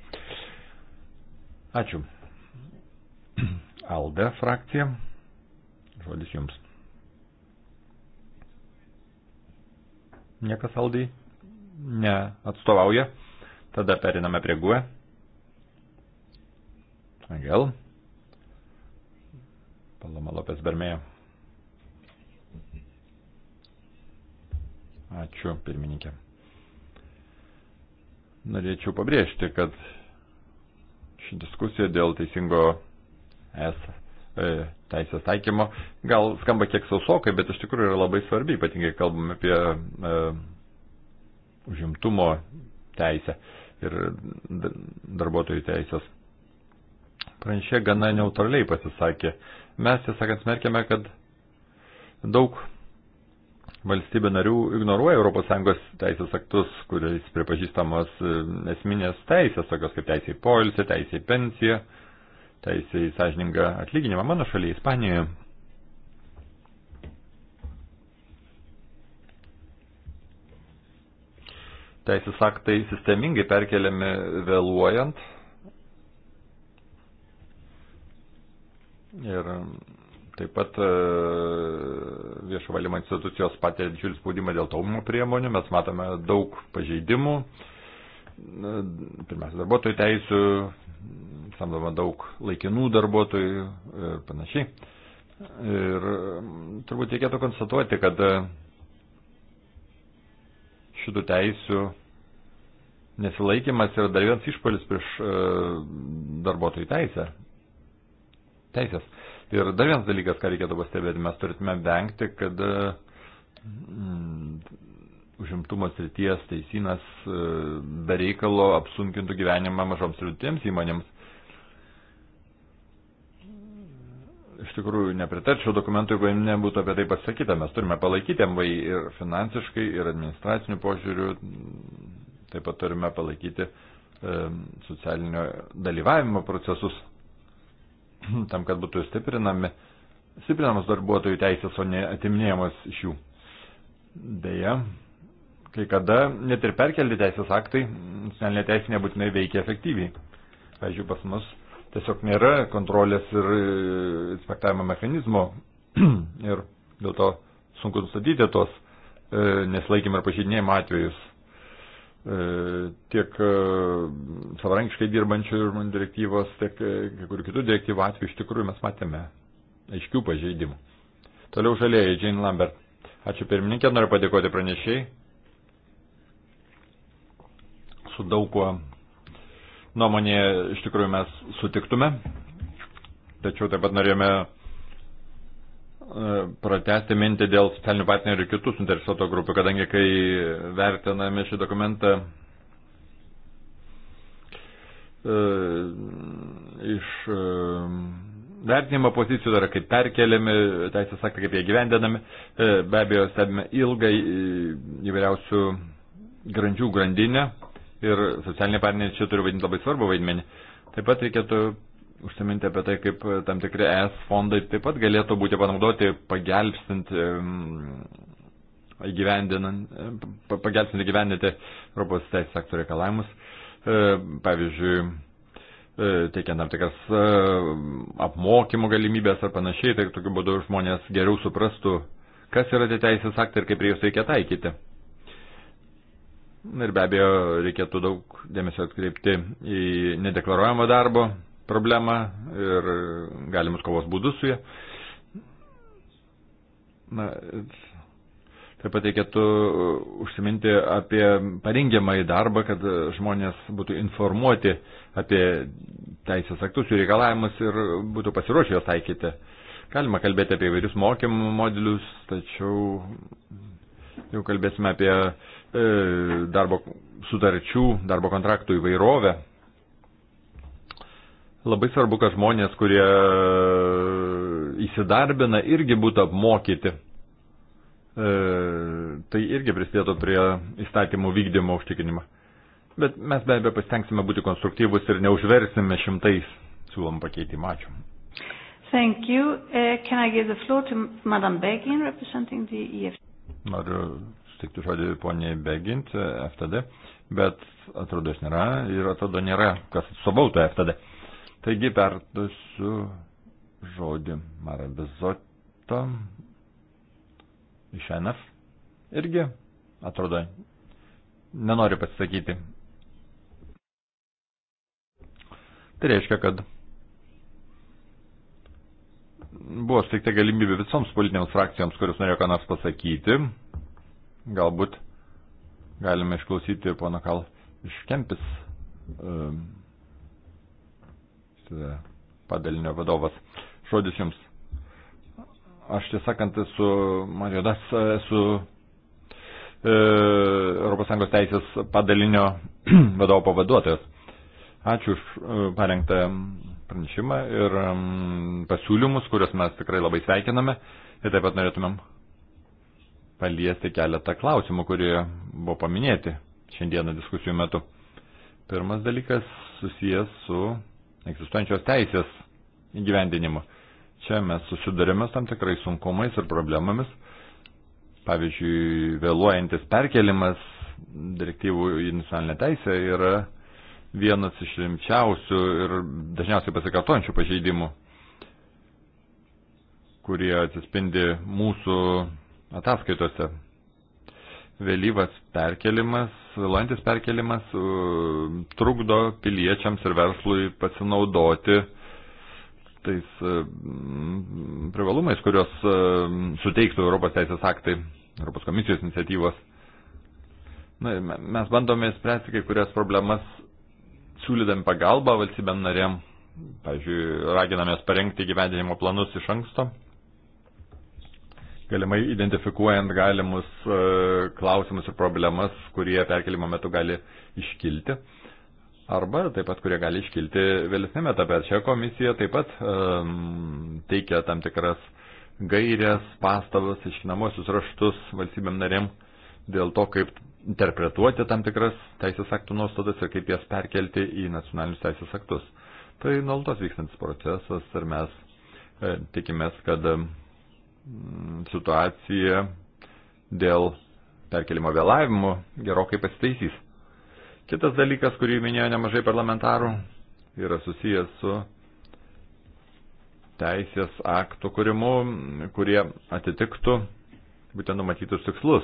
Ačiū. Alde frakcija. Žodis jums. Niekas Aldai neatstovauja. Tada periname prie GUE. Angel. Paloma Lopės Bermėjo. Ačiū, pirmininkė. Norėčiau pabrėžti, kad ši diskusija dėl teisingo es e, teisės taikymo gal skamba kiek sausokai, bet iš tikrųjų yra labai svarbi, ypatingai kalbame apie e, užimtumo teisę ir darbuotojų teisės. Pranešė gana neutraliai pasisakė Mes, tiesą sakant, smerkėme, kad daug valstybė narių ignoruoja ES teisės aktus, kuriais pripažįstamos e, esminės teisės, tokios kaip teisė į poilsį, teisė į pensiją, teisė į sąžiningą atlyginimą mano šalyje, Ispanijoje. Teisės aktai sistemingai perkeliami vėluojant Ir um, taip pat e, viešo valymo institucijos patiria didžiulį spaudimą dėl taupimo priemonių, mes matome daug pažeidimų, pirmiausia, darbuotojų teisų, samdoma daug laikinų darbuotojų ir panašiai. Ir um, turbūt reikėtų konstatuoti, kad e, šitų teisių nesilaikimas yra dar vienas išpolis prieš e, darbuotojų teisę teisės. Ir dar vienas dalykas, ką reikėtų pastebėti, mes turėtume vengti, kad mm, užimtumo srities teisinas e, bereikalo apsunkintų gyvenimą mažoms ir vidutinėms įmonėms. Iš tikrųjų, nepritarčiau dokumentui, jeigu nebūtų apie tai pasakyta. Mes turime palaikyti MVI ir finansiškai, ir administracinių požiūrių. Taip pat turime palaikyti e, socialinio dalyvavimo procesus tam, kad būtų stiprinami, stiprinamos darbuotojų teisės, o ne atiminėjamos iš jų. Deja, kai kada net ir perkelti teisės aktai, nacionalinė teisė nebūtinai veikia efektyviai. Pavyzdžiui, pas mus tiesiog nėra kontrolės ir e, inspektavimo mechanizmo ir dėl to sunku nustatyti tos e, neslaikymą ir pažydinėjimą atvejus. E, tiek e, savarankiškai dirbančių žmonių direktyvos, tiek e, kai kurių kitų direktyvų atveju iš tikrųjų mes matėme aiškių pažeidimų. Toliau žalėjai, Jane Lambert. Ačiū pirmininkė, noriu padėkoti pranešiai. Su daug kuo nuomonėje iš tikrųjų mes sutiktume, tačiau taip pat norėjome pratesti mintį dėl socialinių partnerių ir kitų suinteresuoto grupių, kadangi kai vertiname šį dokumentą e, iš e, vertinimo pozicijų dar kaip perkeliami, teisės aktai kaip jie gyvendinami, e, be abejo stebime ilgai įvairiausių grandžių grandinę ir socialiniai partneriai čia turi vaidinti labai svarbu vaidmenį. Taip pat reikėtų užsiminti apie tai, kaip e, tam tikri ES fondai taip pat galėtų būti panaudoti pagelbstinti pagelbstinti gyvendinti Europos teisės aktų reikalavimus. E, pavyzdžiui, e, teikiant tam tikras apmokymų galimybės ar panašiai, tai tokiu būdu žmonės geriau suprastų, kas yra tie teisės aktai ir kaip prie juos reikia taikyti. Ir be abejo, reikėtų daug dėmesio atkreipti į nedeklaruojamą darbą, problemą ir galimus kovos būdus su ja. Na, taip pat reikėtų užsiminti apie parengiamą į darbą, kad žmonės būtų informuoti apie teisės aktus, jų reikalavimus ir būtų pasiruošę juos taikyti. Galima kalbėti apie įvairius mokymų modelius, tačiau jau kalbėsime apie e, darbo sutarčių, darbo kontraktų įvairovę. Labai svarbu, kad žmonės, kurie įsidarbina, irgi būtų apmokyti. E, tai irgi prisidėtų prie įstatymų vykdymo užtikrinimą. Bet mes be abejo pasitengsime būti konstruktyvus ir neužversime šimtais siūlom pakeitimą. Ačiū. Thank you. Uh, can I give the floor to Madam Begin, representing the EFT? Noriu sutikti žodį poniai Begint, FTD, bet atrodo, jis nėra ir atrodo, nėra, kas atstovautų FTD. Taigi perduosiu žodį Marabizoto iš NF. Irgi, atrodo, nenori pasisakyti. Tai reiškia, kad buvo suteikta galimybė visoms politinėms frakcijoms, kurios norėjo ką nors pasakyti. Galbūt galime išklausyti pono Kal iš Kempis. Um, ehm, E, padalinio vadovas. Žodis jums. Aš tiesąkant esu, man jodas, esu e, ES teisės padalinio vadovo pavaduotojas. Ačiū už e, parengtą pranešimą ir pasiūlymus, kuriuos mes tikrai labai sveikiname ir taip pat norėtumėm paliesti keletą klausimų, kurie buvo paminėti šiandieną diskusijų metu. Pirmas dalykas susijęs su egzistuojančios teisės įgyvendinimu. Čia mes susidurėme tam tikrai sunkumais ir problemomis. Pavyzdžiui, vėluojantis perkelimas direktyvų į nacionalinę teisę yra vienas iš rimčiausių ir dažniausiai pasikartojančių pažeidimų, kurie atsispindi mūsų ataskaitose. Vėlyvas perkelimas vėluojantis perkelimas trukdo piliečiams ir verslui pasinaudoti tais e, privalumais, kurios e, suteiktų Europos teisės aktai, Europos komisijos iniciatyvos. Na, mes bandome spręsti kai kurias problemas, siūlydami pagalbą valstybėm narėm. Pavyzdžiui, raginamės parengti gyvendinimo planus iš anksto galimai identifikuojant galimus e, klausimus ir problemas, kurie perkelimo metu gali iškilti, arba taip pat kurie gali iškilti vėlesnėme etape. Čia komisija taip pat um, teikia tam tikras gairias, pastavas, iškinamosius raštus valstybėm narėm dėl to, kaip interpretuoti tam tikras teisės aktų nuostatas ir kaip jas perkelti į nacionalinius teisės aktus. Tai nuolatos vykstantis procesas ir mes e, tikimės, kad e, Mm, situacija dėl perkelimo vėlavimo gerokai pasitaisys. Kitas dalykas, kurį minėjo nemažai parlamentarų, yra susijęs su teisės aktų kūrimu, kurie atitiktų būtent numatytus tikslus.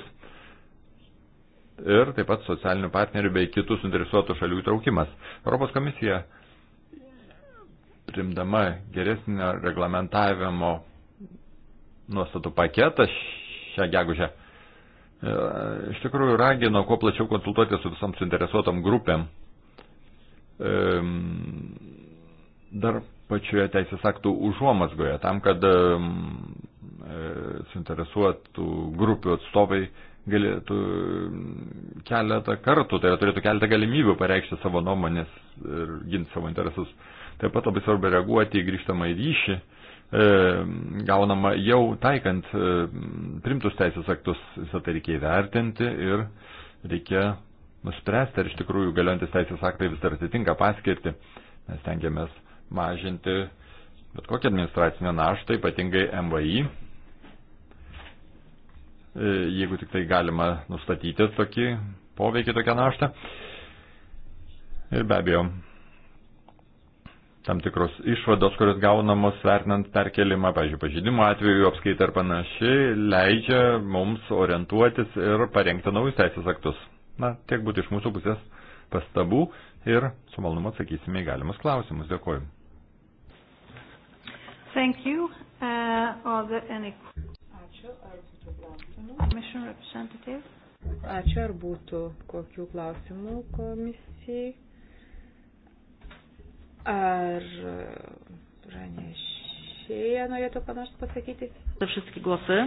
Ir taip pat socialinių partnerių bei kitų suinteresuotų šalių įtraukimas. Europos komisija, primdama geresnio reglamentavimo nuostatų paketą šią gegužę. E, iš tikrųjų ragino kuo plačiau konsultuoti su visom suinteresuotom grupėm. E, dar pačioje teisės aktų užuomasgoje, tam, kad e, suinteresuotų grupių atstovai galėtų keletą kartų, tai yra turėtų keletą galimybių pareikšti savo nuomonės ir ginti savo interesus. Taip pat labai svarbu reaguoti į grįžtamą ryšį, E, gaunama jau taikant e, primtus teisės aktus, visą tai reikia įvertinti ir reikia nuspręsti, ar iš tikrųjų galiojantis teisės aktai vis dar atitinka paskirti. Mes tengiamės mažinti bet kokią administracinę naštą, ypatingai MVI, e, jeigu tik tai galima nustatyti tokį poveikį, tokią naštą. Ir be abejo, tam tikros išvados, kurios gaunamos vertinant perkelimą, pavyzdžiui, pažydimo atveju apskaitą ir panašiai, leidžia mums orientuotis ir parengti naujus teisės aktus. Na, tiek būtų iš mūsų pusės pastabų ir su malonumu atsakysime į galimus klausimus. Dėkuoju. Thank you. Uh, are there any... Ačiū. Ar būtų klausimų? Commission representative. Ačiū. Ar būtų kokių klausimų komisijai? Ar pranešėja norėtų ką nors pasakyti? Tašyski głosy.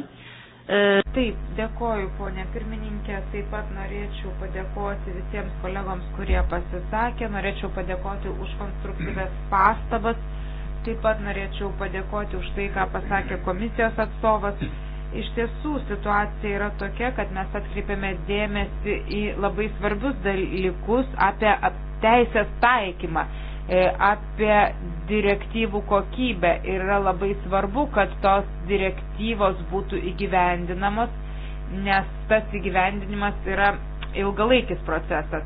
E, Taip, dėkoju, ponė pirmininkė. Taip pat norėčiau padėkoti visiems kolegoms, kurie pasisakė. Norėčiau padėkoti už konstruktyves pastabas. Taip pat norėčiau padėkoti už tai, ką pasakė komisijos atstovas. Iš tiesų situacija yra tokia, kad mes atkreipiame dėmesį į labai svarbius dalykus apie teisės taikymą. E, apie direktyvų kokybę ir yra labai svarbu, kad tos direktyvos būtų įgyvendinamos, nes tas įgyvendinimas yra ilgalaikis procesas.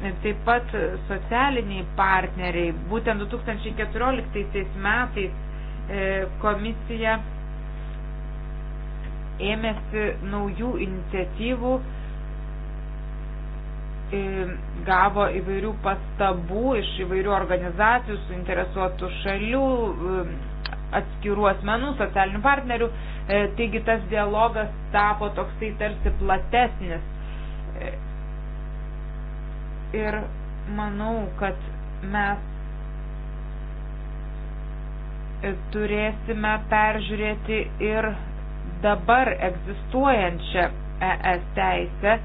E, taip pat socialiniai partneriai, būtent 2014 metais e, komisija ėmėsi naujų iniciatyvų, gavo įvairių pastabų iš įvairių organizacijų, suinteresuotų šalių, um, atskirų asmenų, socialinių partnerių. E, taigi tas dialogas tapo toksai tarsi platesnis. E, ir manau, kad mes e, turėsime peržiūrėti ir dabar egzistuojančią ES teisę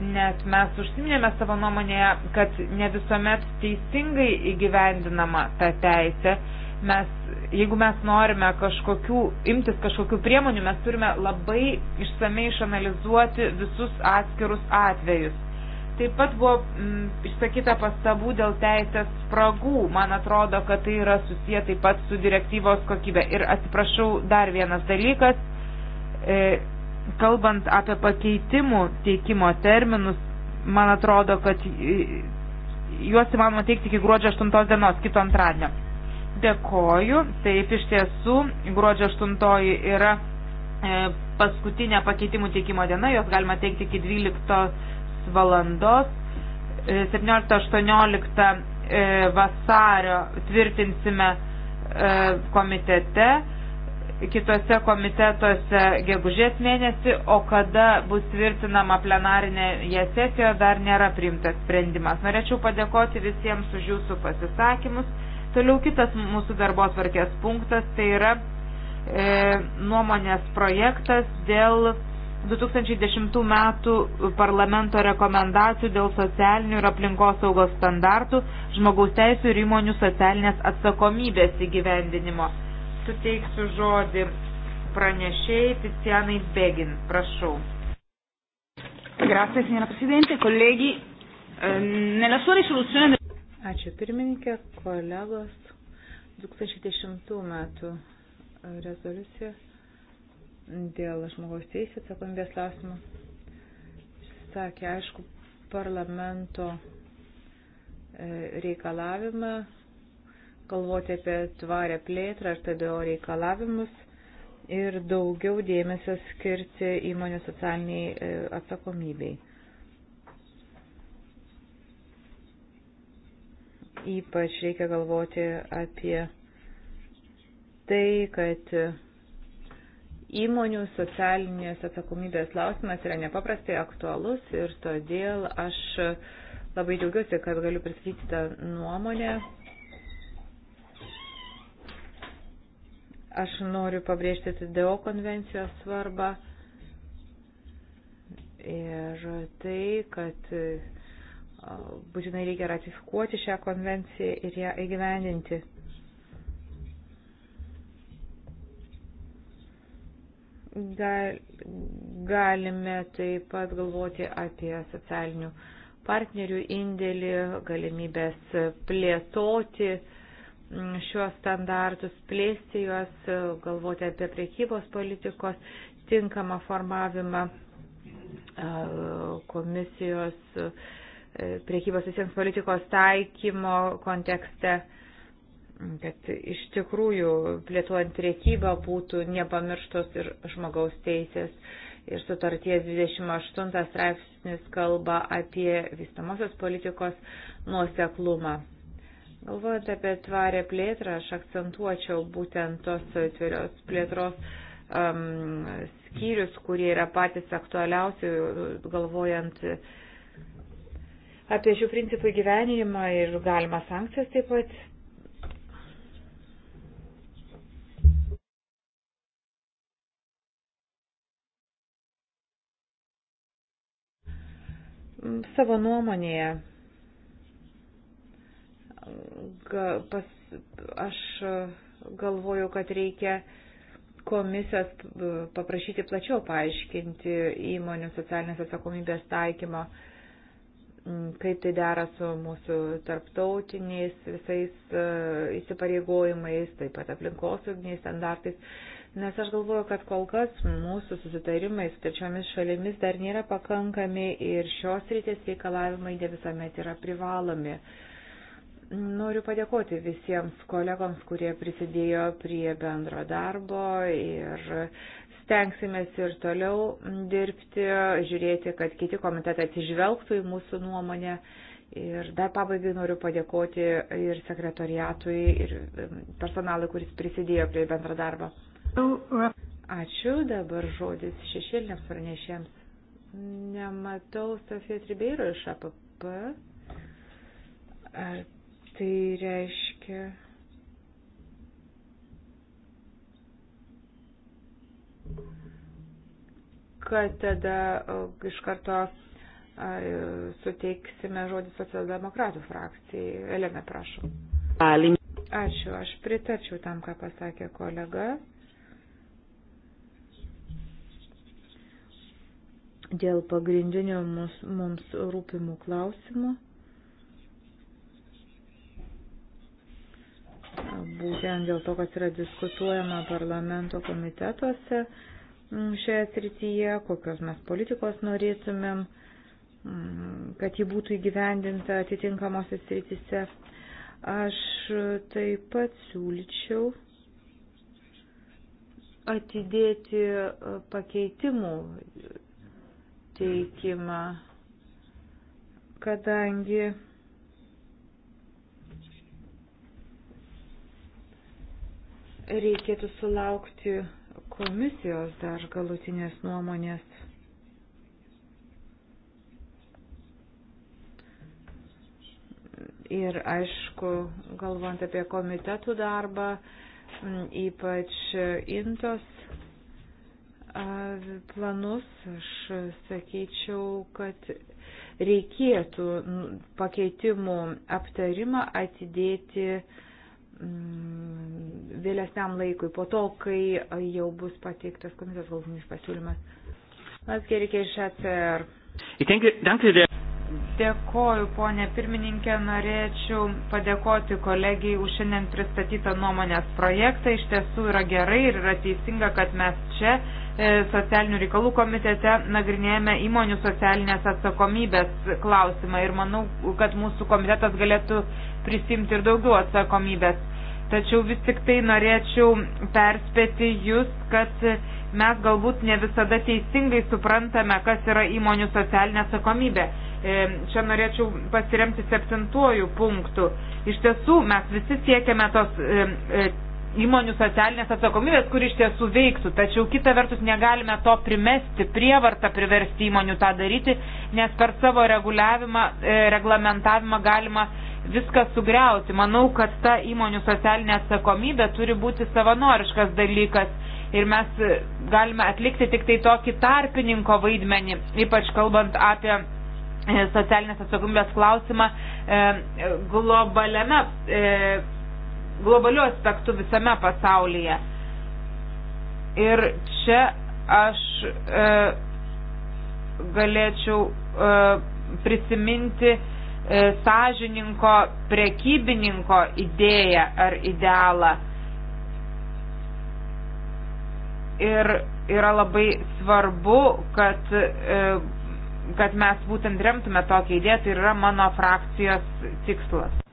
nes mes užsiminėme savo nuomonėje, kad ne visuomet teisingai įgyvendinama ta teisė. Mes, jeigu mes norime kažkokių, imtis kažkokių priemonių, mes turime labai išsamei išanalizuoti visus atskirus atvejus. Taip pat buvo m, mm, išsakyta pastabų dėl teisės spragų. Man atrodo, kad tai yra susiję taip pat su direktyvos kokybė. Ir atsiprašau, dar vienas dalykas. E, kalbant apie pakeitimų teikimo terminus, man atrodo, kad juos įmanoma teikti iki gruodžio 8 dienos, kito antradienio. Dėkoju, taip iš tiesų, gruodžio 8 yra e, paskutinė pakeitimų teikimo diena, jos galima teikti iki 12 valandos. 17-18 e, e, vasario tvirtinsime komitete kitose komitetuose gegužės mėnesį, o kada bus tvirtinama plenarinėje sesijoje dar nėra priimtas sprendimas. Norėčiau padėkoti visiems už jūsų pasisakymus. Toliau kitas mūsų darbo tvarkės punktas tai yra e, nuomonės projektas dėl 2010 metų parlamento rekomendacijų dėl socialinių ir aplinkos saugos standartų, žmogaus teisų ir įmonių socialinės atsakomybės įgyvendinimo suteiksiu žodį pranešėjai Ticianai Begin. Prašau. Grazie, signora Presidente, colleghi. Ehm, nella sua risoluzione. Ačiū pirmininkė, kolegos. 2010 metų e, rezoliucija dėl žmogaus teisės atsakomybės klausimų. Sakė, aišku, parlamento e, reikalavimą galvoti apie tvarę plėtrą ir TDO reikalavimus ir daugiau dėmesio skirti įmonės socialiniai e, atsakomybei. Ypač reikia galvoti apie tai, kad įmonių socialinės atsakomybės klausimas yra nepaprastai aktualus ir todėl aš labai džiaugiuosi, kad galiu pristatyti tą nuomonę Aš noriu pabrėžti TDO konvencijos svarbą ir tai, kad būtinai reikia ratifikuoti šią konvenciją ir ją įgyvendinti. Gal, galime taip pat galvoti apie socialinių partnerių indėlį, galimybės plėtoti uh, šiuos standartus, plėsti juos, galvoti apie priekybos politikos tinkamą formavimą komisijos e, priekybos visiems politikos taikymo kontekste kad iš tikrųjų plėtuojant priekybą būtų nepamirštos ir žmogaus teisės. Ir sutarties 28 straipsnis kalba apie vystamosios politikos nuoseklumą. Galvojant apie tvarę plėtrą, aš akcentuočiau būtent tos tvirios plėtros um, skyrius, kurie yra patys aktualiausi, galvojant apie šių principų įgyvenimą ir galima sankcijas taip pat. Savo nuomonėje pas, aš galvoju, kad reikia komisijos paprašyti plačiau paaiškinti įmonių socialinės atsakomybės taikymą, kaip tai dera su mūsų tarptautiniais visais e, įsipareigojimais, taip pat aplinkosauginiais standartais. Nes aš galvoju, kad kol kas mūsų susitarimai su trečiomis šalimis dar nėra pakankami ir šios rytės reikalavimai ne visuomet yra privalomi. Uh, Noriu padėkoti visiems kolegoms, kurie prisidėjo prie bendro darbo ir stengsimės ir toliau dirbti, žiūrėti, kad kiti komitetai atsižvelgtų į mūsų nuomonę. Ir dar pabaigai noriu padėkoti ir sekretoriatui, ir um, personalui, kuris prisidėjo prie bendro darbo. Ačiū, dabar žodis šešėliniams pranešėms. Nematau Sofijos Ribeiro iš APP. Ar Tai reiškia. kad tada iš karto suteiksime žodį socialdemokratų frakcijai. Elena, prašom. Ačiū, aš pritarčiau tam, ką pasakė kolega. dėl pagrindinių mums, mums rūpimų klausimų. būtent dėl to, kas yra diskutuojama parlamento komitetuose mm, šioje srityje, kokios mes politikos norėtumėm, mm, kad ji būtų įgyvendinta atitinkamosios srityse. Aš taip pat siūlyčiau atidėti e, pakeitimų teikimą, kadangi reikėtų sulaukti komisijos dar galutinės nuomonės. Ir aišku, galvant apie komitetų darbą, ypač intos planus, aš sakyčiau, kad reikėtų pakeitimų aptarimą atidėti uh, Mm, vėlesniam laikui, po to, kai jau bus pateiktas komisijos galutinis pasiūlymas. Atskirikė iš ECR. Dėkoju, ponė pirmininkė, norėčiau padėkoti kolegijai už šiandien pristatytą nuomonės projektą. Iš tiesų yra gerai ir yra teisinga, kad mes čia e, socialinių reikalų komitete nagrinėjame įmonių socialinės atsakomybės klausimą ir manau, kad mūsų komitetas galėtų prisimti ir daugiau atsakomybės. Tačiau vis tik tai norėčiau perspėti jūs, kad mes galbūt ne visada teisingai suprantame, kas yra įmonių socialinė atsakomybė. E, čia norėčiau pasiremti septintuoju punktu. Iš tiesų, mes visi siekiame tos e, e, įmonių socialinės atsakomybės, kur iš tiesų veiktų. Tačiau kita vertus negalime to primesti, prievartą priversti įmonių tą daryti, nes per savo reguliavimą, e, reglamentavimą galima viską sugriauti. Manau, kad ta įmonių socialinė atsakomybė turi būti savanoriškas dalykas ir mes e, galime atlikti tik tai tokį tarpininko vaidmenį, ypač kalbant apie e, socialinės atsakomybės klausimą globaliame globaliu aspektu visame pasaulyje. Ir čia aš e, galėčiau e, prisiminti e, sąžininko prekybininko idėją ar idealą. Ir yra labai svarbu, kad, e, kad mes būtent remtume tokią idėją, tai yra mano frakcijos tikslas.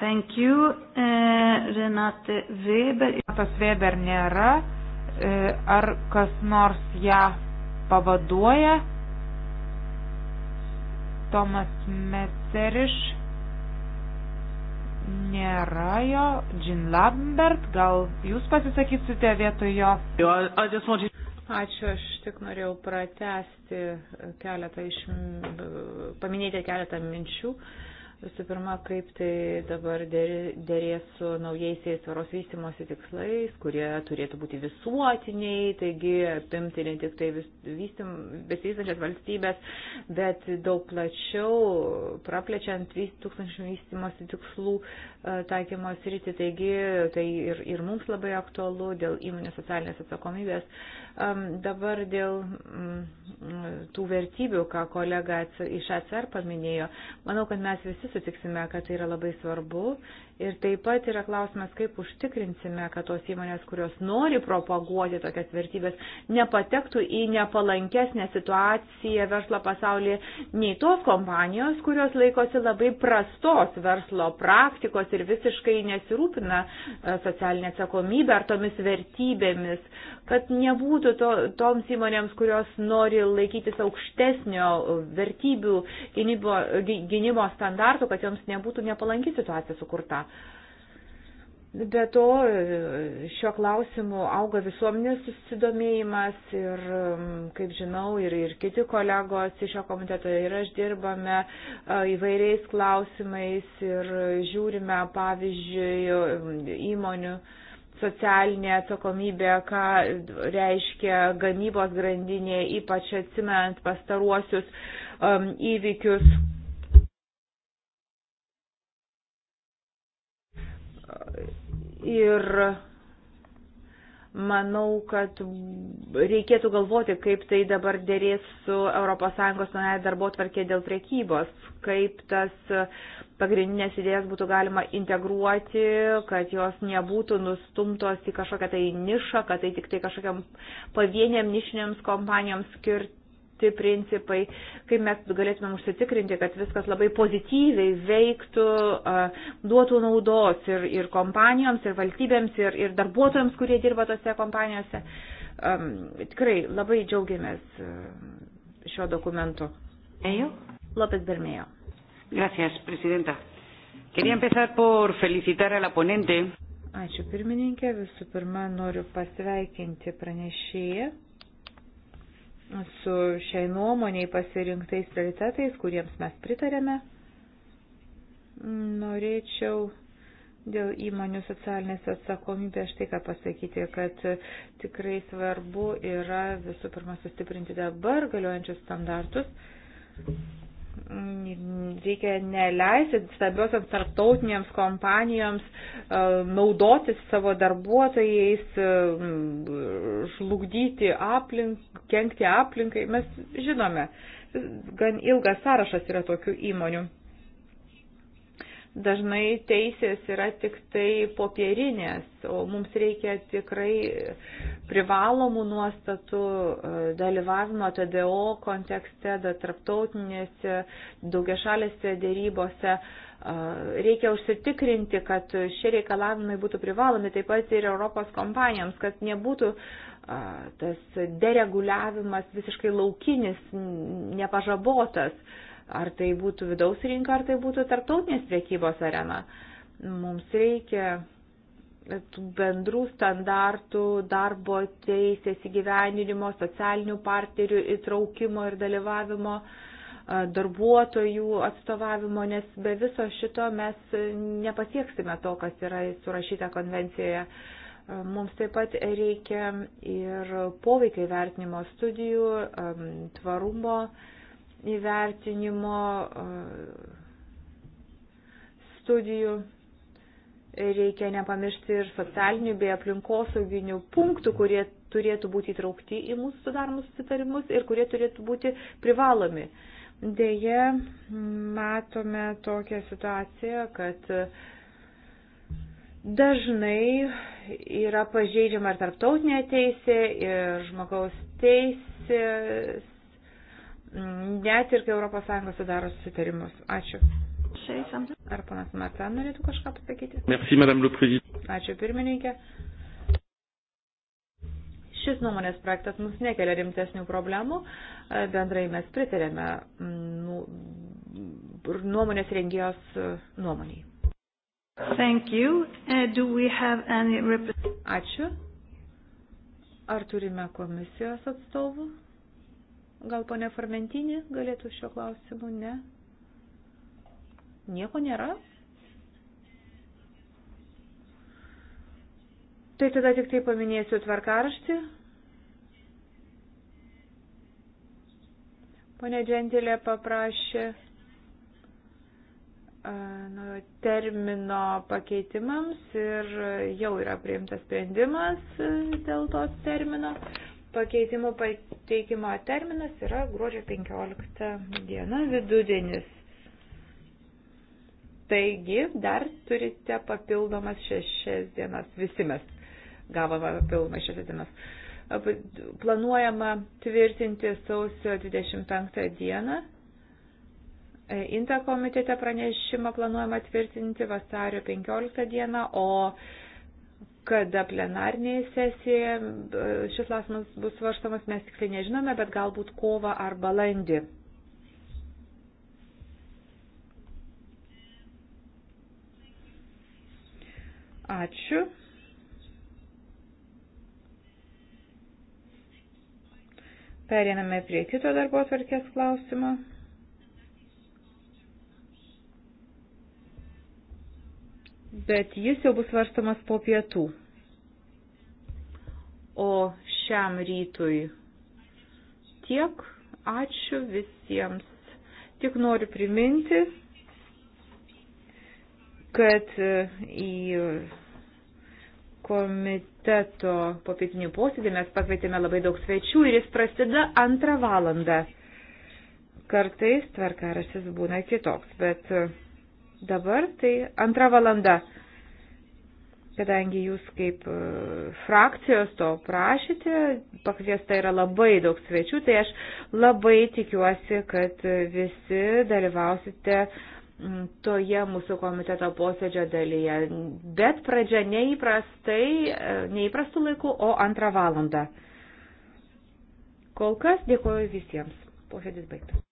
Thank you. Uh, Renate Weber. Renatas Weber nėra. Uh, ar kas nors ją pavaduoja? Tomas Meseriš nėra jo. Jean Lambert, gal jūs pasisakysite vietoj jo? Ačiū, aš tik norėjau pratesti keletą iš, paminėti keletą minčių. Uh, Visų pirma, kaip tai dabar dėrės su naujaisiais tvaros vystimosi tikslais, kurie turėtų būti visuotiniai, taigi apimti ne tik tai besivystančias valstybės, bet daug plačiau, praplečiant tūkstančių vystimosi tikslų e, taikymo sritį, taigi tai ir, ir mums labai aktualu dėl įmonės socialinės atsakomybės. Dabar dėl mm, tų vertybių, ką kolega iš ACR paminėjo, manau, kad mes visi visi sutiksime, kad tai yra labai svarbu Ir taip pat yra klausimas, kaip užtikrinsime, kad tos įmonės, kurios nori propaguoti tokias vertybės, nepatektų į nepalankesnę situaciją verslo pasaulyje nei tos kompanijos, kurios laikosi labai prastos verslo praktikos ir visiškai nesirūpina e, socialinė atsakomybė ar tomis vertybėmis, kad nebūtų to, toms įmonėms, kurios nori laikytis aukštesnio vertybių gynybos gynimo standartų, kad joms nebūtų nepalanki situacija sukurta. Be to, šio klausimu auga visuomenės susidomėjimas ir, um, kaip žinau, ir, ir kiti kolegos iš šio komiteto ir aš dirbame uh, įvairiais klausimais ir žiūrime, pavyzdžiui, um, įmonių socialinė atsakomybė, ką reiškia gamybos grandinė, ypač atsimenant pastaruosius um, įvykius Ir manau, kad reikėtų galvoti, kaip tai dabar dėrės su ES nuoja darbo tvarkė dėl prekybos, kaip tas pagrindinės idėjas būtų galima integruoti, kad jos nebūtų nustumtos į kažkokią tai nišą, kad tai tik tai kažkokiam pavieniam nišiniams kompanijoms skirt, kiti principai, kaip mes galėtumėm užsitikrinti, kad viskas labai pozityviai veiktų, duotų naudos ir, ir kompanijoms, ir valstybėms, ir, ir darbuotojams, kurie dirba tose kompanijose. Tikrai labai džiaugiamės šiuo dokumentu. Ejo? López Bermejo. Gracias, Presidenta. Quería empezar por felicitar a la ponente. Ačiū pirmininkė, visų pirma noriu pasveikinti pranešėją su šiai nuomoniai pasirinktais prioritetais, kuriems mes pritarėme. Norėčiau dėl įmonių socialinės atsakomybės štai ką pasakyti, kad tikrai svarbu yra visų pirma sustiprinti dabar galiojančius standartus reikia neleisti stambiosiams tarptautinėms kompanijoms e, naudotis savo darbuotojais, e, žlugdyti aplinką, kenkti aplinkai. Mes žinome, gan ilgas sąrašas yra tokių įmonių dažnai teisės yra tik tai popierinės, o mums reikia tikrai privalomų nuostatų e, dalyvavimo TDO kontekste, da tarptautinėse, daugiašalėse dėrybose. E, reikia užsitikrinti, kad šie reikalavimai būtų privalomi taip pat ir Europos kompanijoms, kad nebūtų e, tas dereguliavimas visiškai laukinis, nepažabotas Ar tai būtų vidaus rinka, ar tai būtų tarptautinės priekybos arena. Mums reikia bendrų standartų darbo teisės įgyveninimo, socialinių partnerių įtraukimo ir dalyvavimo darbuotojų atstovavimo, nes be viso šito mes nepasieksime to, kas yra surašyta konvencijoje. Mums taip pat reikia ir poveikiai vertinimo studijų, tvarumo įvertinimo e, studijų. Reikia nepamiršti ir socialinių bei aplinkosauginių punktų, kurie turėtų būti įtraukti į mūsų sudaromus sutarimus ir kurie turėtų būti privalomi. Deja, matome tokią situaciją, kad dažnai yra pažeidžiama ir tarptautinė teisė, ir žmogaus teisės net ir kai ES sudaro susitarimus. Ačiū. Ar panas Marta norėtų kažką pasakyti? Merci, Madame le Président. Ačiū, pirmininkė. Šis nuomonės projektas mums nekelia rimtesnių problemų, bendrai mes pritarėme mm, nu, nuomonės rengėjos e, nuomoniai. Thank you. Uh, do we have any... Ačiū. Ar turime komisijos atstovų? Gal ponė Formentinė galėtų šio klausimu? Ne. Nieko nėra? Tai tada tik tai paminėsiu tvarkaraštį. Pone Džentilė paprašė nu, termino pakeitimams ir jau yra priimtas sprendimas e, dėl to termino. Pakeitimų pateikimo terminas yra gruodžio 15 diena vidudienis. Taigi dar turite papildomas šešias dienas. Visi mes gavome papildomą šešias dienas. Planuojama tvirtinti sausio 25 dieną e, Inta komitete pranešimą planuojama tvirtinti vasario 15 dieną, o kada plenarnėje sesijoje e, šis klausimas bus svarstamas, mes tiksliai nežinome, bet galbūt kovą ar balandį. Ačiū. Periname prie kito darbo atvarkės klausimo. bet jis jau bus svarstamas po pietų. O šiam rytui tiek. Ačiū visiems. Tik noriu priminti, kad e, į komiteto popietinį posėdį mes pakvietėme labai daug svečių ir jis prasideda antrą valandą. Kartais tvarkarasis būna kitoks, bet e, dabar tai antra valanda. Kadangi jūs kaip e, frakcijos to prašyte, pakviesta yra labai daug svečių, tai aš labai tikiuosi, kad visi dalyvausite toje mūsų komiteto posėdžio dalyje. Bet pradžia neįprastai, e, neįprastų laikų, o antrą valandą. Kol kas dėkoju visiems. Posėdis baigtas.